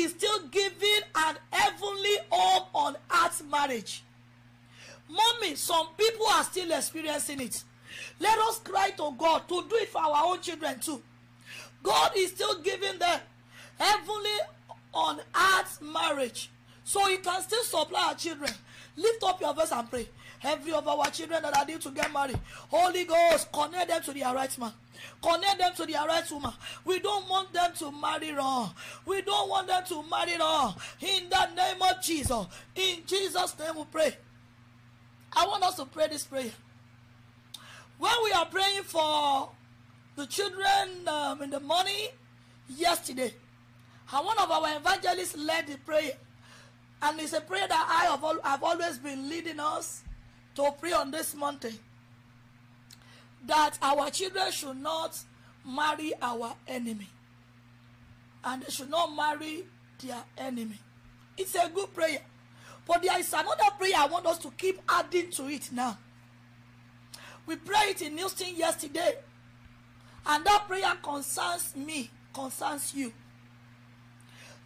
is still giving an heavenly home on earth marriage. Mommy, some people are still experiencing it. Let us cry to God to do it for our own children too. God is still giving them heavenly on earth marriage. So you can still supply our children. Lift up your voice and pray. Every of our children that are due to get married, Holy Ghost, connect them to their right man. Connect them to their right woman. We don't want them to marry wrong. We don't want them to marry wrong. In the name of Jesus. In Jesus' name we pray. I want us to pray this prayer. When we are praying for the children um, in the morning yesterday, and one of our evangelists led the prayer. And it's a prayer that I have, al- have always been leading us to pray on this mountain that our children should not marry our enemy and they should not marry their enemy. It's a good prayer. But there is another prayer I want us to keep adding to it now. We prayed it in Houston yesterday, and that prayer concerns me, concerns you.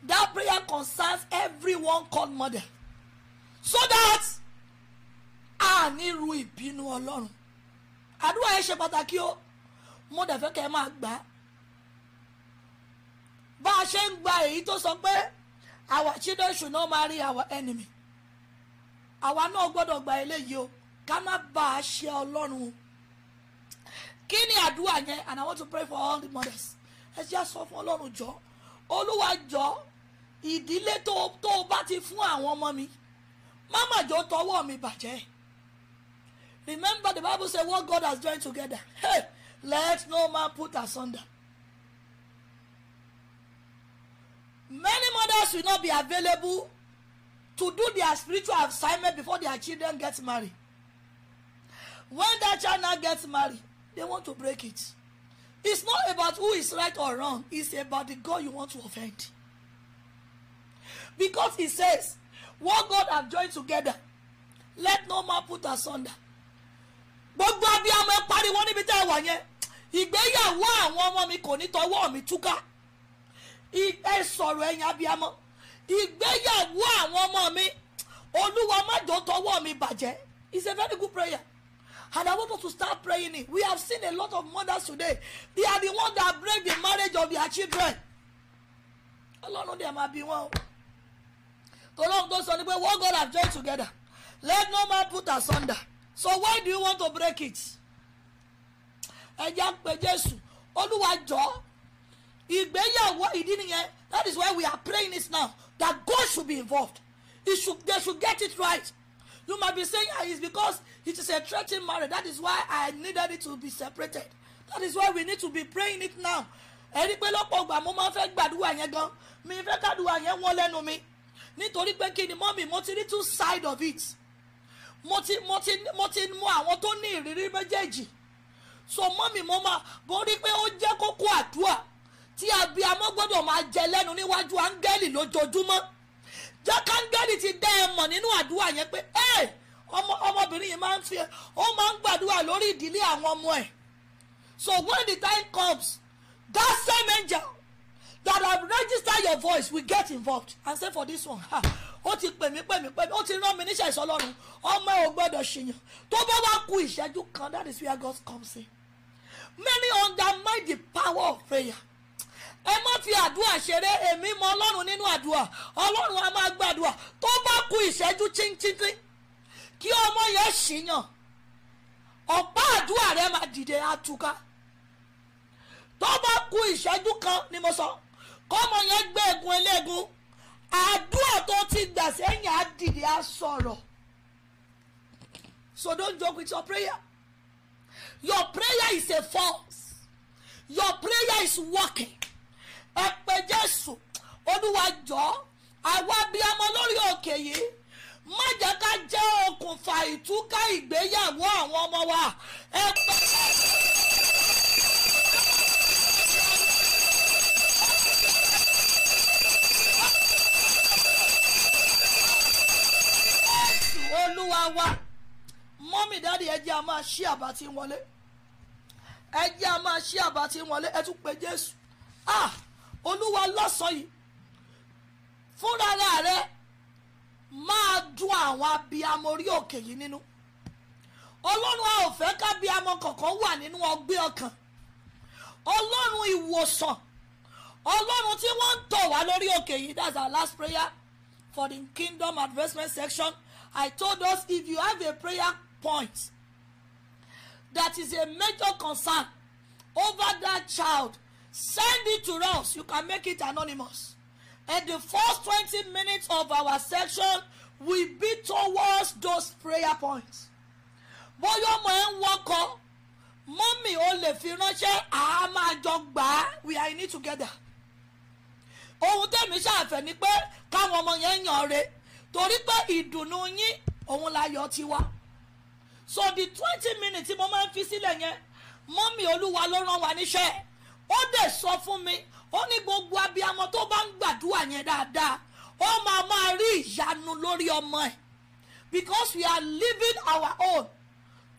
That prayer concerns everyone called mother. So that a níru ìbínú ọlọ́run àdúrà yẹn ṣe pàtàkì o mo dẹ̀ fẹ́ kẹ́ ẹ máa gbà á bá a ṣe ń gba èyí tó sọ pé our children should not marry our enemy àwa náà gbọ́dọ̀ gba eléyìí o ká má bá a ṣe ọlọ́run o kí ni àdúrà yẹn and I want to pray for all the mothers ẹ jẹ́ sọ fún ọlọ́run jọ olúwa jọ ìdílé tó o bá ti fún àwọn ọmọ mi má mà jọ tọwọ́ mi bàjẹ́ Remember, the Bible says, What God has joined together, hey, let no man put asunder. Many mothers will not be available to do their spiritual assignment before their children get married. When that child now gets married, they want to break it. It's not about who is right or wrong, it's about the God you want to offend. Because he says, What God have joined together, let no man put asunder gbogbo abiyamọ ẹ pariwo níbi tẹ́ ẹ wà yẹn ìgbéyàwó àwọn ọmọ mi kò ní tọwọ́ mi túká ẹ sọ̀rọ̀ ẹ̀yin abiyamọ ìgbéyàwó àwọn ọmọ mi olúwa májò tọwọ́ mi bàjẹ́ it's a very good prayer and I want us to start praying it we have seen a lot of mothers today they are the ones that break the marriage of their children ọlọ́run dẹ̀ máa bí wọn o tọ́lọ́run tó sọ ni pé what God have joined together let no man put asunder so why do you want to break it ẹja pé jésù olúwa jọ ìgbéyàwó ìdí nìyẹn that is why we are praying this now that God should be involved he should they should get it right you might be saying ah it's because it is a threatening marriage that is why I needed it to be separated that is why we need to be praying it now ẹni pé lọ́pọ̀ ìgbà mo máa ń fẹ́ gbàdúrà yẹn gan mi fẹ́ gbàdúrà yẹn wọ́n lẹ́nu mi nítorí pé kí ni mọ́mì mo ti rí two side of it mo ti mo ti mo ti mú àwọn tó ní ìrírí méjèèjì so mọ́mì mo máa borí pé ó jẹ́ kókó àdúrà tí abiyamọ gbọ́dọ̀ máa jẹ lẹ́nu níwájú áńgẹ́lì lójoojúmọ́ jẹ́ káńgẹ́lì ti dá ẹ mọ̀ nínú àdúrà yẹn pé ẹ́ẹ̀ ọmọ ọmọbìnrin yìí máa ń fi ó máa ń gbàdúrà lórí ìdílé àwọn ọmọ ẹ̀ so when the time comes that same angel that have registered your voice will get involved and say for this one ha ó ti pè mí pè mí pè mí ó ti rán mi níṣẹ́ ìsọlọ́run ọmọ ò gbọ́dọ̀ ṣèyàn tó bá wá ku ìṣẹ́jú kan that is where God comes in many undermine the power of prayer ẹ má fi àdúrà ṣeré èmi mọ ọlọ́run nínú àdúrà ọlọ́run a máa gbàdúrà tó bá ku ìṣẹ́jú chíńchíńchí kí ọmọ yẹn ṣìyàn ọ̀pá àdúrà rẹ máa dìde àtúkà tó bá ku ìṣẹ́jú kan ni mo sọ kọ́mọ yẹn gbé egun eléegun àdúrà tó ti gbà sẹ́yìn á dìde á sọ̀rọ̀ so don't joke with your prayer your prayer is a force your prayer is working ẹ pé Jésù Olúwa jọ̀ọ́ lórí òkè yìí má jẹ́ ká jẹ́ okùnfà ìtúká ìgbéyàwó àwọn ọmọ wa ẹ pé Jésù. olúwa wa mọ́mì dáàdì ẹ jẹ́ a máa ṣí àbá tí ń wọlé ẹ jẹ́ a máa ṣí àbá wọlé ẹ tún pe jésù ah olúwa lọ́sàn-án yìí fúnra rẹ máa dùn àwọn abiyamọ orí òkè yìí nínú ọlọ́run a ò fẹ́ kábíyamọ kọ̀ọ̀kan wà nínú ọgbẹ́ ọkàn ọlọ́run ìwòsàn ọlọ́run tí wọ́n ń tọ̀ wá lórí òkè yìí that's our last prayer for the kingdom advancement section I told us if you have a prayer point that is a major concern over that child send it to us you can make it anonymous and the first 20 minutes of our session will be towards those prayer points bóyá ọmọ ẹ ń wọkọ mọ́mì o lè fi ránṣẹ́ a máa jọ gbà á we are in it together ohun tẹ̀mí ṣàfẹ́ ni pé káwọn ọmọ yẹn yàn re torí pé ìdùnnú yín òun láyọ̀ ti wá so the twenty minutes tí mo máa ń fi sílẹ̀ yẹn mọ́mì olúwa ló rán wa níṣẹ́ ó dẹ̀ sọ fún mi ó ní gbogbo abiyamọ tó bá ń gbàdúrà yẹn dáadáa ó máa máa rí ìyanu lórí ọmọ ẹ̀ because we are living our own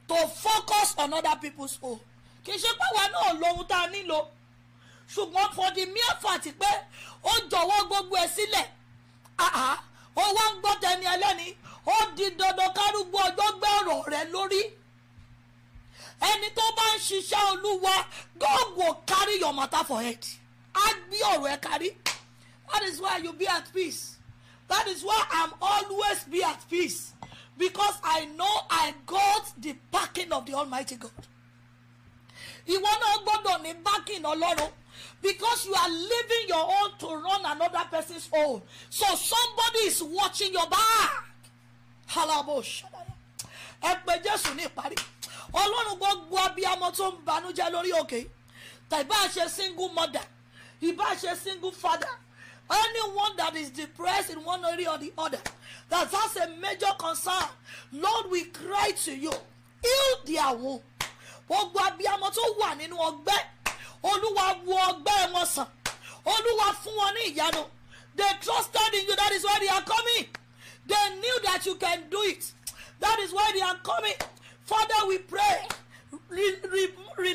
to focus on other people's own kì í ṣe pé wa náà lóhun tá a nílò ṣùgbọ́n for the mere fact pé ó jọ̀wọ́ gbogbo ẹ̀ sílẹ̀ ó wá ń gbọ́ tẹni ẹlẹ́ni ó di dandan kárúgbó ọjọ́ gbé ọ̀rọ̀ rẹ lórí ẹni tó bá ń ṣiṣẹ́ olúwa God will carry your matter for head á gbé ọ̀rọ̀ ẹ kárí that is why you be at peace that is why I'm always be at peace because I know I got the backing of the Almighty God ìwọ náà gbọ́dọ̀ ní backing Ọlọ́run. because you are leaving your own to run another person's own. So somebody is watching your back. ẹ pé jésù ní ìparí ọlọ́run gbogbo abiyamọ tó ń banújẹ́ lórí òkè tàbí àṣẹ single mother ìbá ṣe single father anyone that is depressed in one area or the other that has a major concern lord we cry to you heal their wound gbogbo abiyamọ tó wà nínú ọgbẹ́. olúwa wo ọgbẹ́ wọn sàn olúwa fún wọn ní ìyanu they trusted in you that is why they are coming they knew that you can do it that is why they are coming father we pray re re re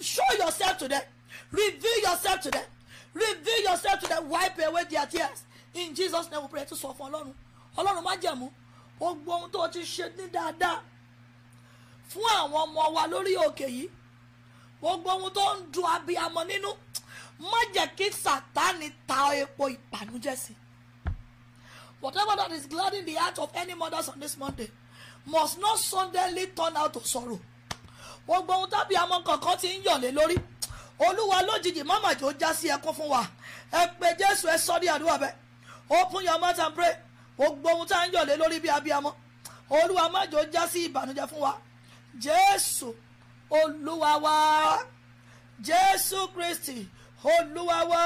show yourself to them reveal yourself to them reveal yourself to them wipe away their tears in jesus name we pray to sọ fún ọlọ́run ọlọ́run má jẹ̀mú gbogbo ohun tó ti ṣe ní dáadáa fún àwọn ọmọ wa lórí òkè yìí gbogbo ohun tó ń dùn abiyamọ nínú má jẹ́ kí sàtáni ta epo ìbànújẹ́ sí whatever that is gladdening the heart of any mothers on this Monday must not suddenly turn out to sorrow gbogbo ohun tábí amọ kankan ti ń yọ̀lé lórí olúwa lójijì mọ́mà tó já sí ẹkún fún wa ẹ pé jésù ẹ sọ ní àdúrà bẹ́ẹ̀ open your mouth and pray gbogbo ohun tá ń yọ̀lé lórí bí abiyamọ olúwa má jò já sí ìbànújẹ́ fún wa jésù olúwa wa jésù kristi olúwa wa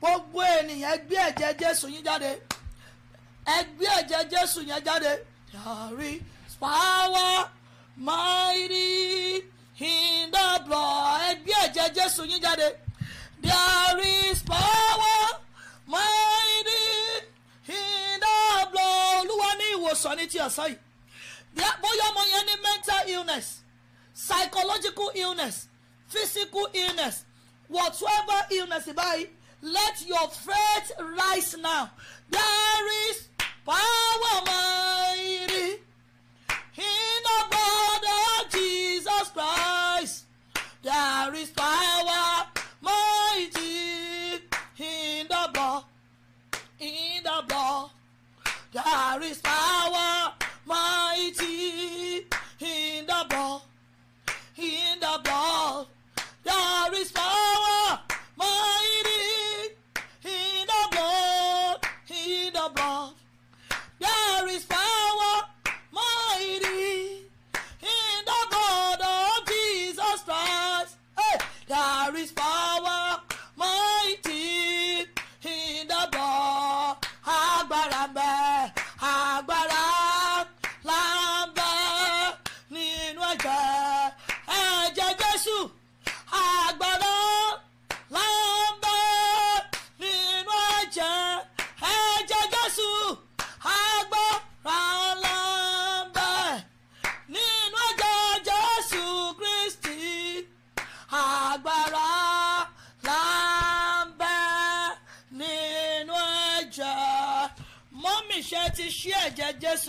gbogbo ènìyàn gbé ẹ̀jẹ̀ jésù yín jáde ẹ gbé ẹ̀jẹ̀ jésù yẹn jáde yàrí power mighty in the blood ẹ gbé ẹ̀jẹ̀ jésù yín jáde there is power mighty in the blood olúwa ní ìwòsàn ní ti ọ̀sán yìí bóyá ọmọ mental illness psychological illness physical illness whatsoever illness buy, let your faith rise now there is power mighty in the blood of Jesus Christ there is power mighty in the blood in the blood there is power. above.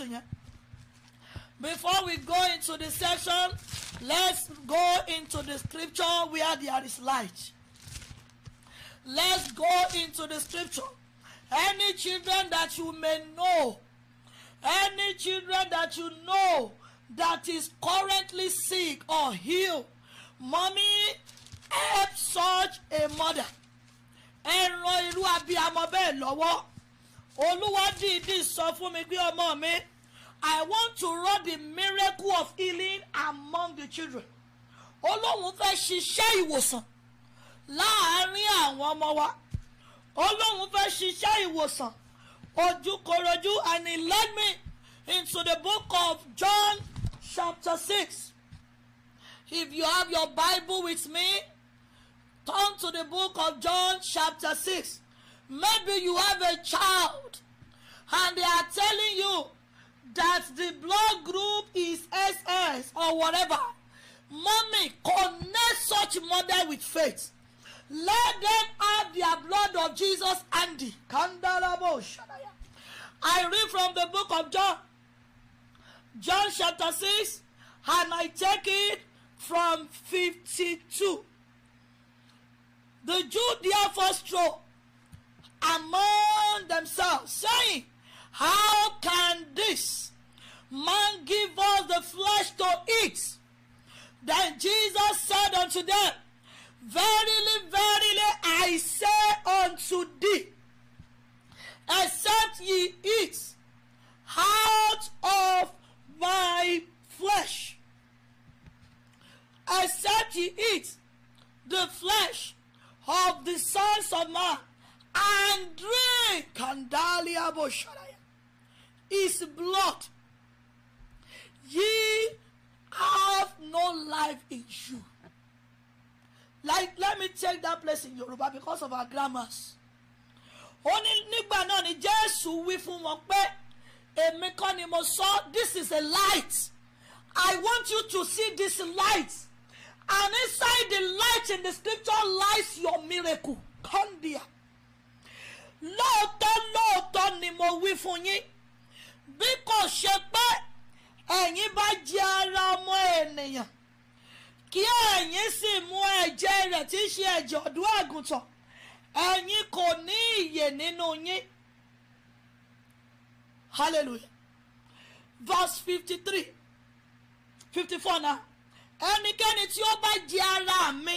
issue yẹn before we go into the section let's go into the scripture where there is light let's go into the scripture any children that you may know any children that you know that is currently sick or ill mommy help such a mother ẹ ran irú abiyamọ bẹ́ẹ̀ lọ́wọ́ olúwa dìídì sọ fún mi pé ọmọ mi. I want to run the miracle of healing among the children. Olóhùn fẹ́ ṣiṣẹ́ ìwòsàn láàárín àwọn ọmọ wa. Olóhùn fẹ́ ṣiṣẹ́ ìwòsàn ojúkorojú and he led me into the book of John chapter six. If you have your Bible with me, turn to the book of John chapter six. Maybe you have a child and they are telling you that the blood group is SS or whatever. Mommy, connect such mother with faith. Let them have their blood of Jesus Andy. I read from the book of John, John chapter six, and I take it from fifty-two. The Jew therefore strove among themselves, saying, How can this man give us the flesh to eat? Then Jesus said unto them, Verily, verily, I say unto thee, except ye eat out of my flesh, except ye eat the flesh of the sons of man, and drink, Boshara. his blood ye have no life in you like let me take that place in Yoruba because of our grammars ó ní nígbà náà ni Jésù wí fún wọn pé èmi kọ́ ni mo sọ this is a light I want you to see this light and inside the light in the scripture lies your miracle come there lóòótọ́ lóòótọ́ ni mo wí fún yín bí kò ṣe pé ẹ̀yin bá jẹ ara ọmọ ènìyàn kí ẹ̀yin sì mú ẹ̀jẹ̀ rẹ̀ tí í ṣe ẹ̀jẹ̀ ọ̀dọ́ àgùntàn ẹ̀yin kò ní ìyè nínú yín hallelujah verse fifty three fifty four now ẹnikẹ́ni tí ó bá jẹ ara mi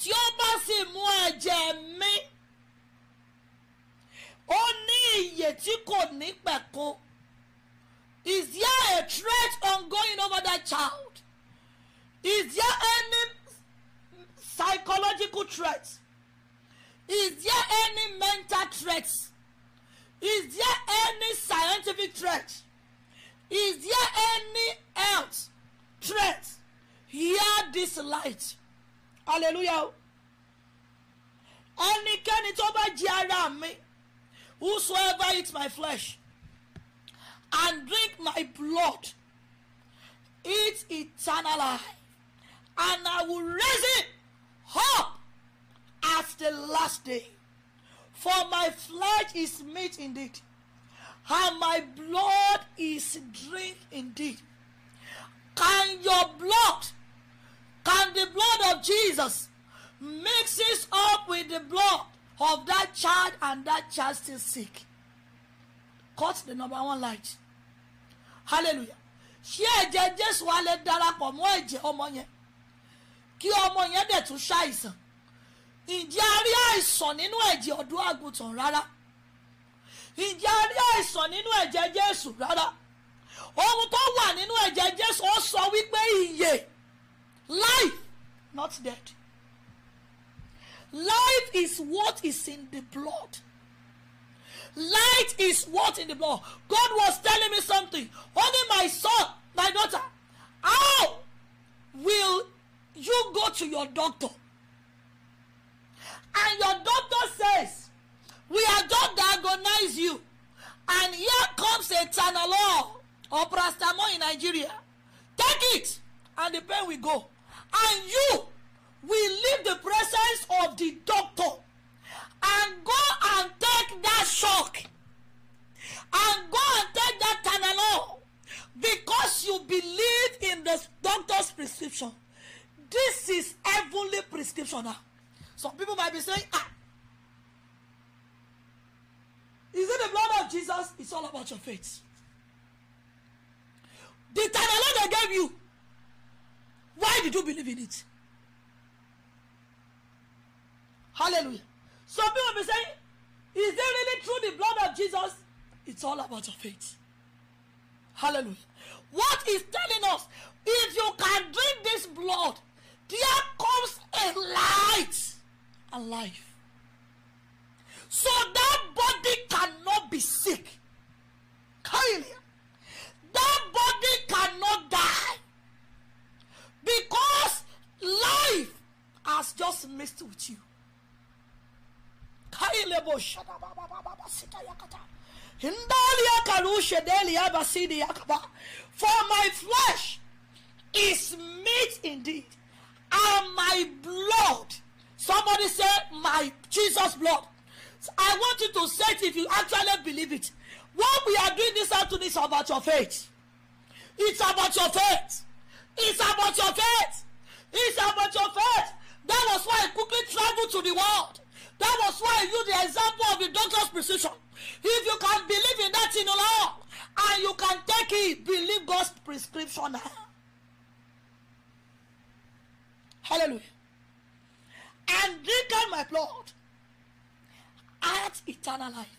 tí ó bá sì mú ẹ̀jẹ̀ mi. èdè tí kò ní pẹ̀kun is there a threat ongoing over that child is there any psychological threat is there any mental threat is there any scientific threat is there any health threat hear this light hallelujah ẹnikẹ́ni tó bá jẹ ara mi whosoever eats my flesh and drink my blood eats eternal life and i will raise it up at the last day for my flesh is meat indeed and my blood is drink indeed can your blood can the blood of jesus mixes up with the blood of that child and that child still sick cut the number one light hallelujah ṣé ẹ̀jẹ̀ jésù wa lè darapọ̀ mọ́ ẹ̀jẹ̀ ọmọ yẹn kí ọmọ yẹn dẹ̀ tún ṣàìsàn ǹjẹ́ a rí àìsàn nínú ẹ̀jẹ̀ ọ̀dọ́ àgùntàn rárá ǹjẹ́ a rí àìsàn nínú ẹ̀jẹ̀ jésù rárá ohun tó wà nínú ẹ̀jẹ̀ jésù ó sọ wípé ìyè life not death Life is what is in the blood. Light is what in the blood. God was telling me something. Only my son, my daughter, how will you go to your doctor? And your doctor says, We are just diagnose you. And here comes a Tanolol or Prastamol in Nigeria. Take it, and the pain will go. And you we leave the presence of the doctor and go and take that shock and go and take that Tylenol because you believe in the doctor's prescription this is heavenly prescription now ah. some people might be saying ah is it the blood of Jesus it's all about your faith the Tylenol they gave you why did you believe in it Hallelujah. Some people be saying, Is it really true? the blood of Jesus? It's all about your faith. Hallelujah. What is telling us, if you can drink this blood, there comes a light and life. So that body cannot be sick. Hallelujah. That body cannot die. Because life has just mixed with you kailebo shadababababasita yakata hindali yakarushe deli yabasidi yakaba for my flesh is meat indeed and my blood somebody say my jesus blood i want you to say it if you actually believe it what we are doing this afternoon is about your faith it's about your faith it's about your faith it's about your faith that was why i quickly travel to the world That was why you the example of the doctor's prescription. If you can believe in that in Allah and you can take it, believe God's prescription. Hallelujah. And drink out my blood at eternal life.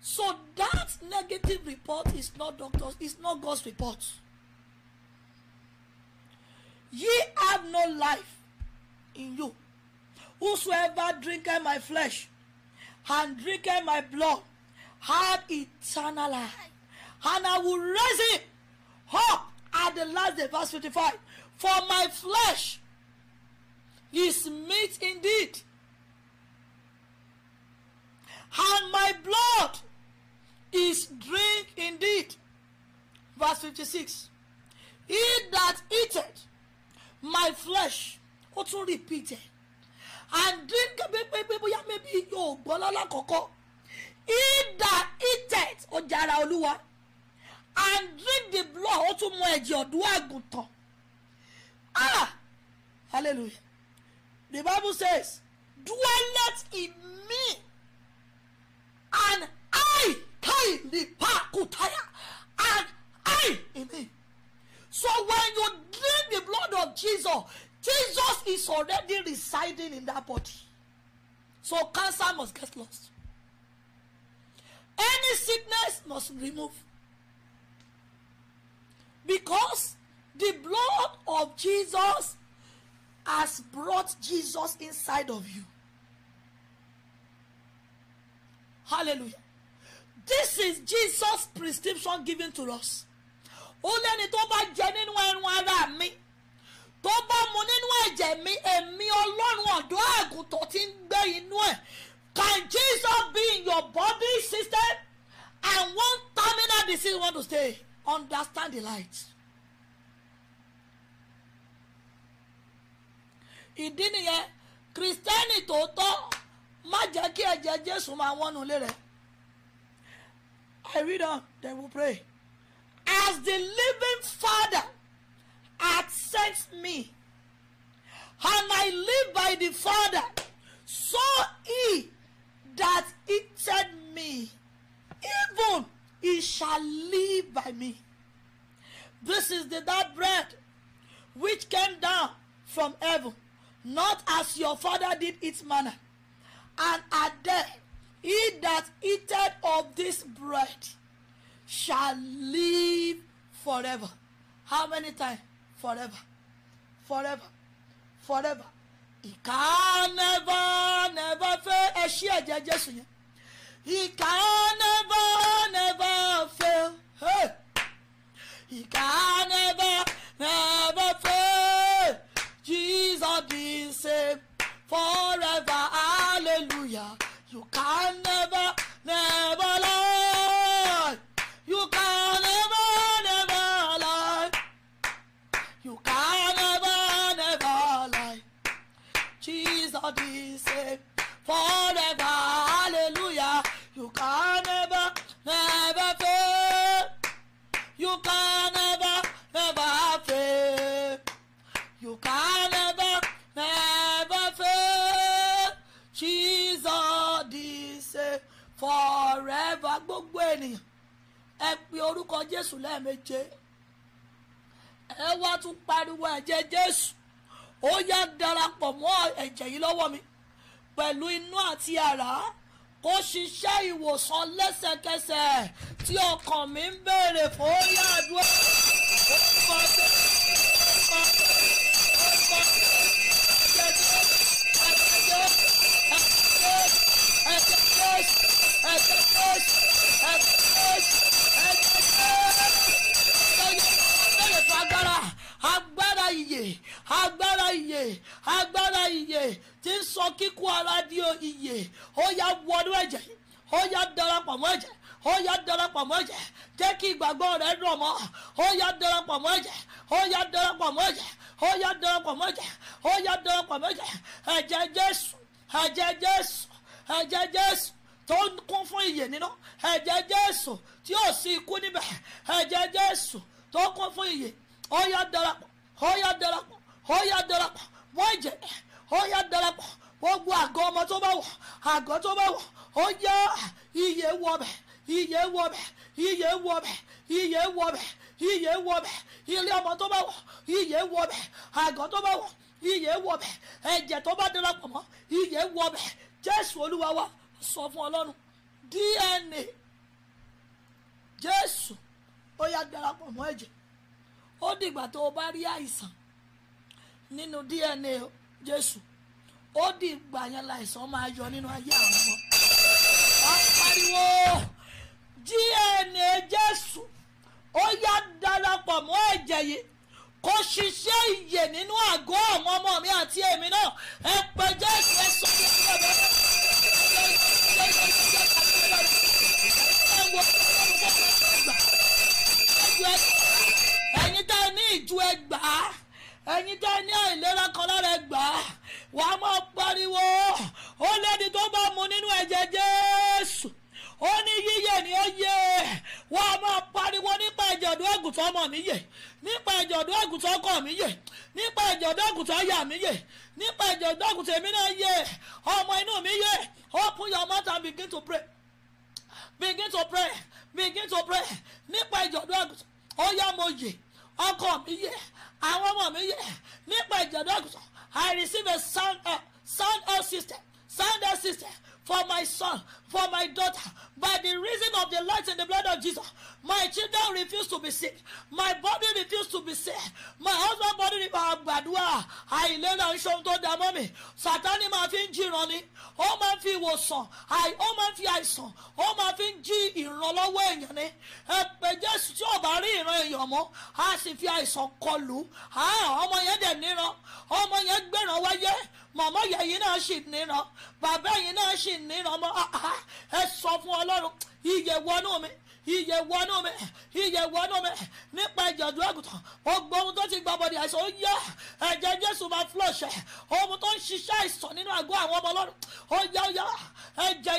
So that negative report is not doctors, it's not God's report. Ye have no life in you Whosoever drinketh my flesh and drinketh my blood hath eternal life, and I will raise him up at the last day. Verse fifty-five. For my flesh is meat indeed, and my blood is drink indeed. Verse fifty-six. He that eateth my flesh, ó tún repeated and drink pépépé bóyá mẹ́bí yóò gbọ́ lọ́lọ́kọ̀ọ́kọ́ he that eateth ó jara olúwa and drink the blood ó tún mu ẹ̀jẹ̀ ọ̀dọ́ àgùntàn ah hallelujah the bible says dwelleth in me and I the kai lipa kutaya and I in me." so when you drink the blood of Jesus Jesus is already residing in that body. So cancer must get lost. Any sickness must remove. Because the blood of Jesus has brought Jesus inside of you. Hallelujah. This is Jesus' prescription given to us. Ó lẹ́ni tó bá jẹ nínú ẹran ara mi tó bá mu nínú ẹ̀jẹ̀ mi èmi ọlọ́run ọ̀dọ́ àgùntàn ti ń gbé inú ẹ̀ can jesus be in your body system and one terminal disease want to stay understand the light. ìdí nìyẹn kristẹni tòótọ́ má jẹ́ kí ẹ̀jẹ̀ jésù máa wọ́n nulẹ̀ rẹ̀ i read on then we pray as the living father hath sent me, and I live by the Father, so he that eateth me, even he shall live by me. This is the that bread which came down from heaven, not as your father did its manna, and are dead. He that eateth of this bread shall live forever. How many times? forever forever forever he can never never fail ẹ ṣí ẹ̀jẹ̀ Jésù yẹn he can never never fail hey. he can never never fail Jesus be same forever ènìyàn ẹ pe orúkọ jésù lẹ́ẹ̀méje ẹ wá tún pariwo ẹ̀jẹ̀ jésù ó yá darapọ̀ mọ́ ẹ̀jẹ̀ yìí lọ́wọ́ mi pẹ̀lú inú àti àrá kó ṣiṣẹ́ ìwòsàn lẹ́sẹ̀kẹsẹ̀ tí ọkàn mi ń béèrè fún ó yá àdúrà ó agbára ìyè agbára ìyè tí ń sọ kíkú ara di ìyè ó yá wọnú ẹ̀jẹ̀ ó yá darapọ̀ mọ́ ẹ̀jẹ̀ ó yá darapọ̀ mọ́ ẹ̀jẹ̀ jẹ́ kí ìgbàgbọ́ rẹ̀ rọ̀ mọ́ ó yá darapọ̀ mọ́ ẹ̀jẹ̀ ó yá darapọ̀ mọ́ ẹ̀jẹ̀ ó yá darapọ̀ mọ́ ẹ̀jẹ̀ ó yá darapọ̀ mọ́ ẹ̀jẹ̀ ẹ̀jẹ̀ jésù ẹ̀jẹ̀ jésù ẹ̀jẹ̀ jésù tó ń kún fún ìyè nínú ẹ̀jẹ̀ jésù tí ó sì kú níbẹ̀ ẹ̀jẹ̀ jésù tó kún fún ìyè ó yá darapọ̀ ó yá darapọ̀ ó yá darapọ̀ mọ́ ìjẹ́ ó yá darapọ̀ gbogbo àgọ́ ọmọ tó bá wọ̀ àgọ́ tó bá wọ̀ ó yá iye wọbẹ̀ iye wọbẹ̀ iye wọbẹ̀ iye wọbẹ̀ iye wọbẹ̀ ilé ọmọ tó bá wọ̀ iye wọbẹ̀ àgọ́ tó bá wọ̀ iye wọbẹ̀ ẹ̀jẹ̀ tó bá darapọ̀ mọ́ iye wọbẹ̀ jésù olúwa sọ fún ọlọ́run dna jésù ó yá darapọ̀ mọ́ ẹ̀jẹ̀ ó dìgbà tó o bá rí àìsàn nínú DNA Jésù ó di ìgbà yẹn láìsàn máa yọ nínú ayé àwọn ọmọ wọn pariwo DNA Jésù ó yá darapọ̀ mọ́ ẹ̀jẹ̀ yìí kó ṣiṣẹ́ ìyè nínú àgọ́ àwọn ọmọ mi àti èmi náà ẹ pẹ́ Jésù ẹ sọ fún mi ọ̀dọ́ náà. ẹ̀yin tẹ́ ní àìlera kan lára ẹgbà wà á máa pariwo ó lẹ́ni tó bá mu nínú ẹ̀jẹ̀ jésù ó ní yíyẹ ni ó yẹ wà á máa pariwo nípa ìjọ̀dún ẹ̀gùntàn ọmọ mi yẹ nípa ìjọ̀dún ẹ̀gùntàn ọkọ mi yẹ nípa ìjọ̀dún ẹ̀gùntàn ọyà mi yẹ nípa ìjọ̀dún ẹ̀gùntàn èmi náà yẹ ọmọ inú mi yẹ open your mouth and begin to pray begin to pray begin to pray nípa ìjọ̀dún ẹ̀gùntàn ọyà mo yẹ ọkọ mi yẹ àwọn ọmọ mi yẹ nípa ìjọba àgùntàn I receive a sound uh, sound system sound system for my son for my daughter by the reason of the light and the blood of Jesus. My children refuse to be sick. My body refuse to be sick. My husband body ah, gbàdúrà àìlera iṣan tó dà mọ́ mi. Sàtánì máa fi ń jí ìran ni. Ó máa ń fi ìwòsàn. Ó máa ń fi àìsàn. Ó máa fi ń jí ìrànlọ́wọ́ èèyàn ni. Ẹ pé Jésù tí ò bá rí ìran èèyàn mọ́, a sì fi àìsàn kọlù. Ọmọ yẹn dẹ̀ níran. Ọmọ yẹn gbéran wáyé. Màmá yẹ̀yìn náà sì níran. Bàbá yìí náà sì níran mọ́. Ah, ah, ẹ sọ fún ọlọ́run ìyè wọnú mi ìyè wọnú mi ìyè wọnú mi nípa ìjọ̀dún àgùntàn ọgbọ́n ohun tó ti gba bọ̀dì àìsàn ó yá ẹ̀jẹ̀ jésù máa flọ́ṣẹ̀ ohun tó ń ṣiṣẹ́ àìsàn nínú àgọ́ àwọn ọmọ ọlọ́run ó yá ó yá ẹ̀jẹ̀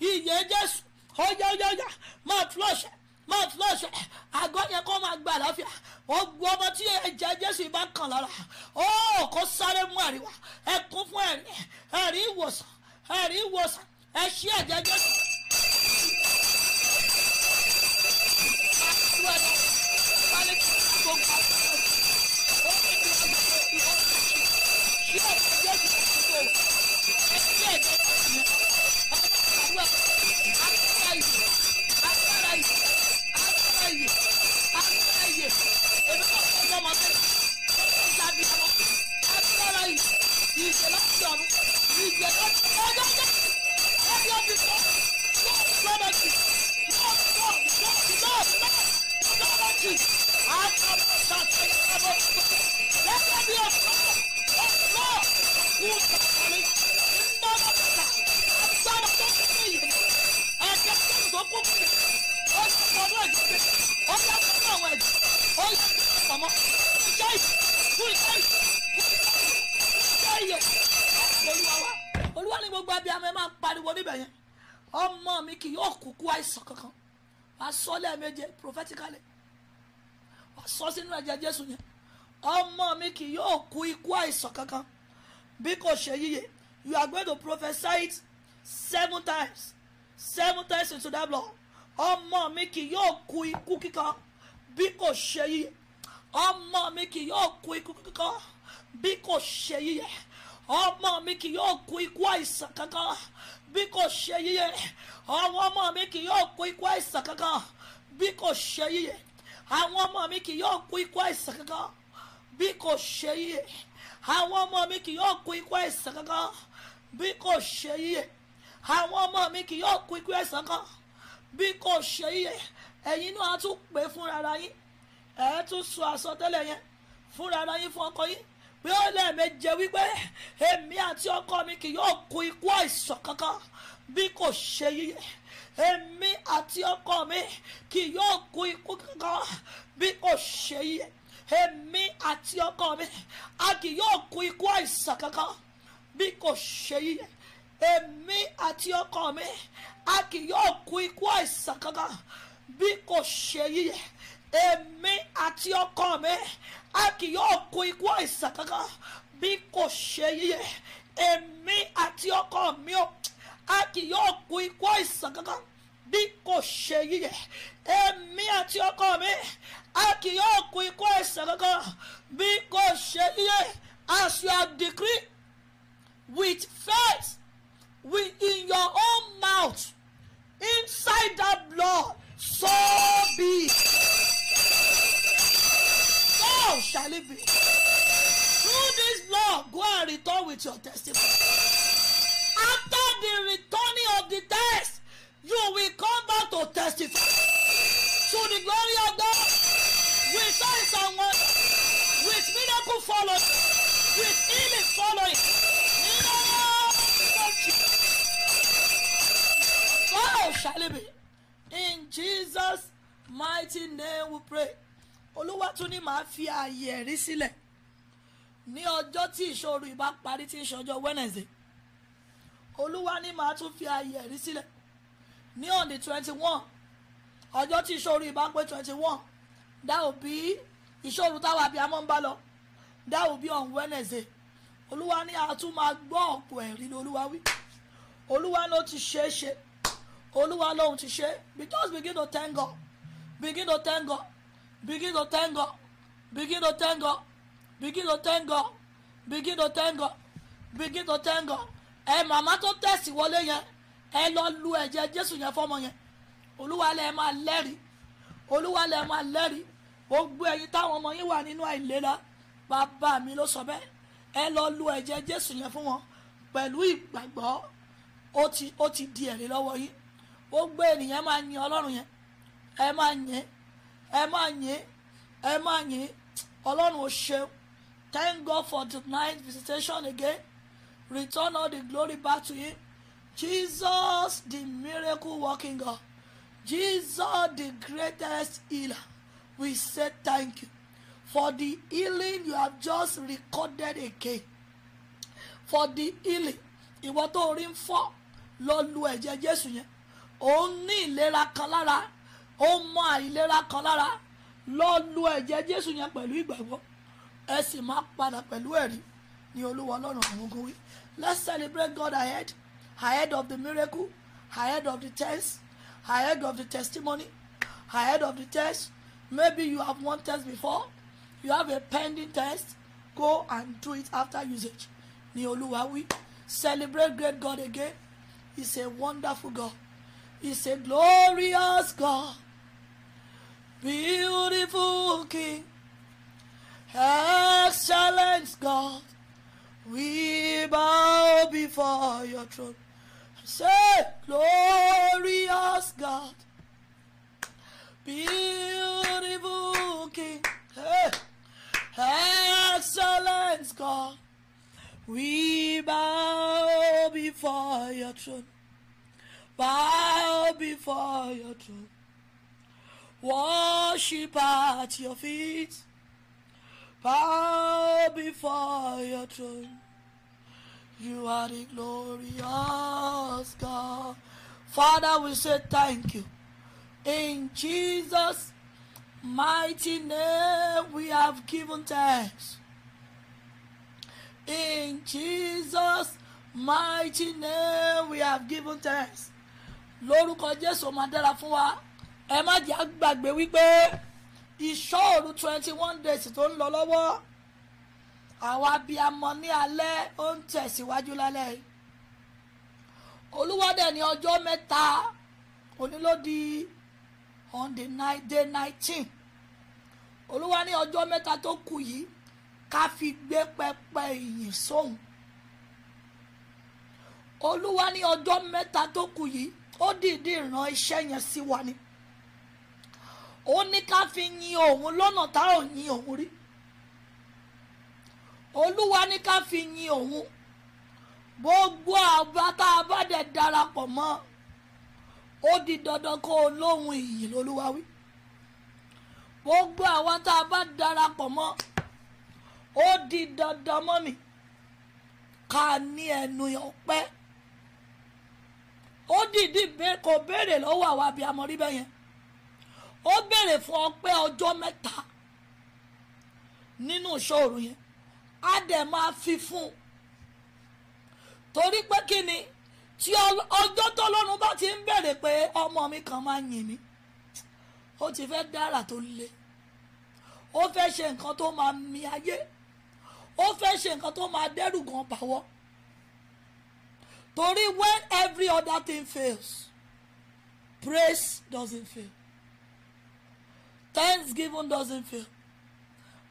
ìyè ìyè jésù ó yá ó yá ó yá máa flọ́ṣẹ̀ máa flọ́ṣẹ̀ àgọ́ yẹn kó máa gba àlàáfíà ogun ọmọ tí ẹ̀jẹ̀ jésù bá kàn lára ó kó sáré mú àríwá ẹkún fún ẹ̀rí ẹ̀rí ìwòsàn ẹ̀rí ìwòsàn ẹ ṣí ẹ̀jẹ̀ jésù. Yeah. jésù yẹn ọmọ mi kì yóò kú ikú àìsàn kankan bí kò ṣe yíyẹ you are going to prophesy it seven times seven times into that blood ọmọ mi kì yóò kú ikú kíkan bí kò ṣe yíyẹ ọmọ mi kì yóò kú ikú kíkan bí kò ṣe yíyẹ ọmọ mi kì yóò kú ikú àìsàn kankan bí kò ṣe yíyẹ ọmọ mi kì yóò kú ikú àìsàn kankan bí kò ṣe yíyẹ àwọn ọmọ mi kì yóò kú ikú àìsàn kankan bí kò ṣe yíyẹ àwọn ọmọ mi kì yóò kú ikú àìsàn kankan bí kò ṣe yíyẹ àwọn ọmọ mi kì yóò kú ikú àìsàn kankan bí kò ṣe yíyẹ ẹ̀yin náà á tún pè fúnra yín ẹ̀ ẹ́ tún sọ àsọtẹ́lẹ̀ yẹn fúnra yín fún ọkọ yín pé ó lẹ́ẹ̀mejì wípé èmi àti ọkọ mi kì yóò kú ikú àìsàn kankan bí kò ṣe yíyẹ èmi àti ọkọ mi kì yóò kú ikú kankan bí kò ṣe yẹ èmi àti ọkọ mi a kì yóò kú ikú àìsàn kankan bí kò ṣe yẹ èmi àti ọkọ mi a kì yóò kú ikú àìsàn kankan bí kò ṣe yẹ èmi àti ọkọ mi a kì yóò kú ikú àìsàn kankan bí kò ṣe yẹ èmi àti ọkọ mi ò a kì yóò kú ikú àìsàn kankan bí kò ṣe yíyẹ èmi àti ọkọ mi a kì yóò kú ikú àìsàn kankan bí kò ṣe yíyẹ as you have decreed with faith with in your own mouth inside that blood so be so shall it be through this blood go and return with your testimony the returning of the dead, you will come back to testify to the glory of God with signs and wonders, with miracle following, with healing following. Oh, shall it be? In Jesus' mighty name we pray. Olúwa tún ní màá fi ààyè ẹ̀rí sílẹ̀ ní ọjọ́ tí ìṣòro ìbá parí tí ń ṣọjọ́ Wednesday olúwa ni màá tún fi ààyè ẹ̀rí sílẹ̀ ní on the twenty one ọjọ́ tí ìṣòro ìbá pé twenty one dá òbí ìṣòro táwa bíi amọ́ ń bá lọ dá òbí on Wednesday olúwa ni a tún máa gbọ́ ọ̀pọ̀ ẹ̀rí ni olúwa wí olúwa ló ti ṣe é ṣe olúwa lòun ti ṣe é just begin to thank God begin to thank God begin to thank God begin to thank God begin to thank God begin to thank God begin to thank God ẹ màmá tó tẹ̀sí wọlé yẹn ẹ lọ lu ẹ̀jẹ̀ jésù yẹn fọmọ yẹn olúwalẹ̀ ẹ máa lẹ́rìí olúwalẹ̀ ẹ máa lẹ́rìí gbogbo ẹ̀yin táwọn ọmọ yín wà nínú àìlera bàbá mi ló sọ bẹ́ẹ̀ ẹ lọ lu ẹ̀jẹ̀ jésù yẹn fún wọn pẹ̀lú ìgbàgbọ́ ó ti ó ti di ẹ̀rí lọ́wọ́ yín gbogbo ènìyàn máa yin ọlọ́run yẹn ẹ máa yin ẹ máa yin ẹ máa yin ọlọ́run ò ṣeun thank God for the night visitation again. Return all the glory back to Him. Jesus, the miracle working God. Jesus, the greatest healer. We say thank you for the healing you have just recorded again. For the healing. Ìwọ tó orí ń fọ́ lọ lu ẹ̀jẹ̀ Jésù yẹn. Ó ní ìlera kan lára. Ó mọ àìlera kan lára. Lọ lu ẹ̀jẹ̀ Jésù yẹn pẹ̀lú ìgbàgbọ́. Ẹ sì máa padà pẹ̀lú ẹ̀rí ní Olúwa Ọlọ́run àwọn ogun wí. Let's celebrate God ahead, ahead of the miracle, ahead of the test, ahead of the testimony, ahead of the test. Maybe you have one test before, you have a pending test, go and do it after usage. Ní Olúwa wí, celebrate great God again. He's a wonderful God. He's a glorious God. Beautiful King. Excellent God. We bow before your throne and say, Glorious God, beautiful King, hey, excellent God. We bow before your throne, bow before your throne, worship at your feet. before You are the glorious God. Father, we say thank you. In Jesus' mighty name, we have given thanks. In Jesus' mighty name, we have given thanks. Lórúkọ Jésù máa dára fún wa. Ẹ má jẹ́ àgbàgbé wípé ìṣọ́ òru twenty one days tó ń lọ lọ́wọ́ àwa abiyamọ ní alẹ́ ó ń tẹ̀síwájú lálẹ́ yìí olúwádẹ ní ọjọ́ mẹ́ta òní di on the night day nineteen olúwa ní ọjọ́ mẹ́ta tó kù yìí ká fi gbé pẹpẹ ìyìn sóhun olúwa ní ọjọ́ mẹ́ta tó kù yìí ó dìídì ràn iṣẹ́ yẹn sí wa ni ó ní ká fi yin òun lọ́nà tá ò yin òun rí olúwa ní ká fi yin òun gbogbo àbá tá a bá dẹ̀ darapọ̀ mọ́ ó di dandan kó o lóhun ìyìn lolúwa wí gbogbo àwọn tá a bá darapọ̀ mọ́ ó di dandan mọ́ mi ká ní ẹnu ọpẹ́ ó dìídì kò béèrè lọ́wọ́ àwa àbí amọ̀rí bẹ́ẹ̀ yẹn ó béèrè fún ọpẹ́ ọjọ́ mẹ́ta nínú ìṣòro yẹn á dẹ̀ máa fi fún un torí pé kí ni tí ọjọ́ tó lọ́run bá ti ń bèrè pé ọmọ mi kan máa yìn mí ó ti fẹ́ dára tó le ó fẹ́ ṣe nǹkan tó máa mi ayé ó fẹ́ ṣe nǹkan tó máa dẹ́rù gan bàwọ́ torí when every other thing fails praise doesn't fail thanksgiving doesn't fail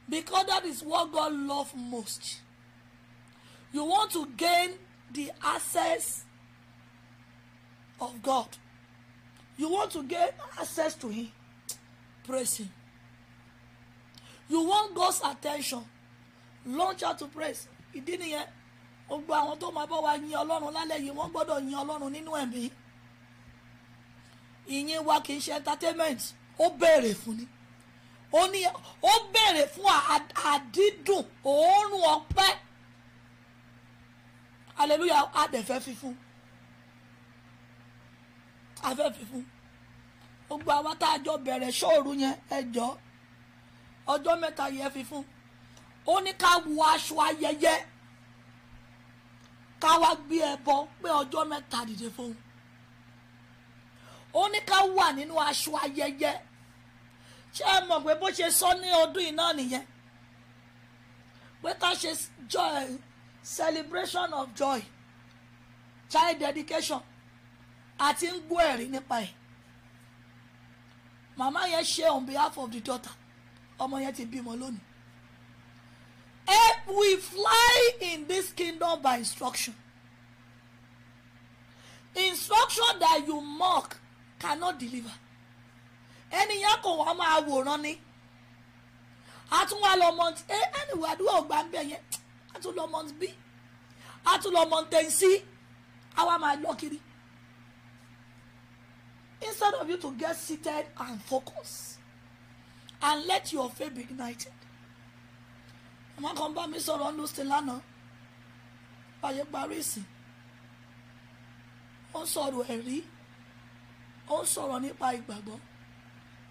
because that is what God loves most. You want to gain the access of God. You want to gain access to Him. Praise Him. You want God's attention. Launch out to praise. Ìdí nìyẹn. Gbogbo àwọn tó máa bọ́ wa yin Ọlọ́run lálẹ́ yìí wọ́n gbọ́dọ̀ yin Ọlọ́run nínú ẹ̀mí. Ìyìn wa kì í ṣe entertainment. Ó béèrè fún ni ó ní ó béèrè fún àdídùn òórùn ọpẹ́ hallelujah adẹ̀fẹ́ fífún afẹ́ fífún gbogbo àwọn tá a jọ bẹ̀rẹ̀ ṣóòru yẹn ẹjọ́ ọjọ́ mẹ́ta yẹ fífún ó ní ká wọ aṣọ ayẹyẹ ká wá gbé ẹbọ pé ọjọ́ mẹ́ta dìde fún un ó ní ká wà nínú aṣọ ayẹyẹ ṣé ẹ mọ̀ pé bó ṣe sọ ní ọdún yìí náà nìyẹn pé ká ṣe joy celebration of joy child dedication àti ń gbọ́ ẹ̀rí nípa ẹ̀ màmá yẹn ṣe on behalf of the daughter ọmọ yẹn ti bímọ lónìí if we fly in this kingdom by instruction instruction that you mock cannot deliver ẹnìyẹn kò wá máa wòran ni a tún wá lọ mount a ẹnìwé àdúgbò ògbà ń bẹ yẹn a tún lọ mount b a tún lọ mountain c a wá máa lọ kiri instead of you to get seated and focus and let your faith be ignited àwọn kan bá mi sọ̀rọ̀ ọ́n lóṣìṣẹ́ lánàá báyẹn parí ìsìn ó ń sọ̀rọ̀ ẹ̀rí ó ń sọ̀rọ̀ nípa ìgbàgbọ́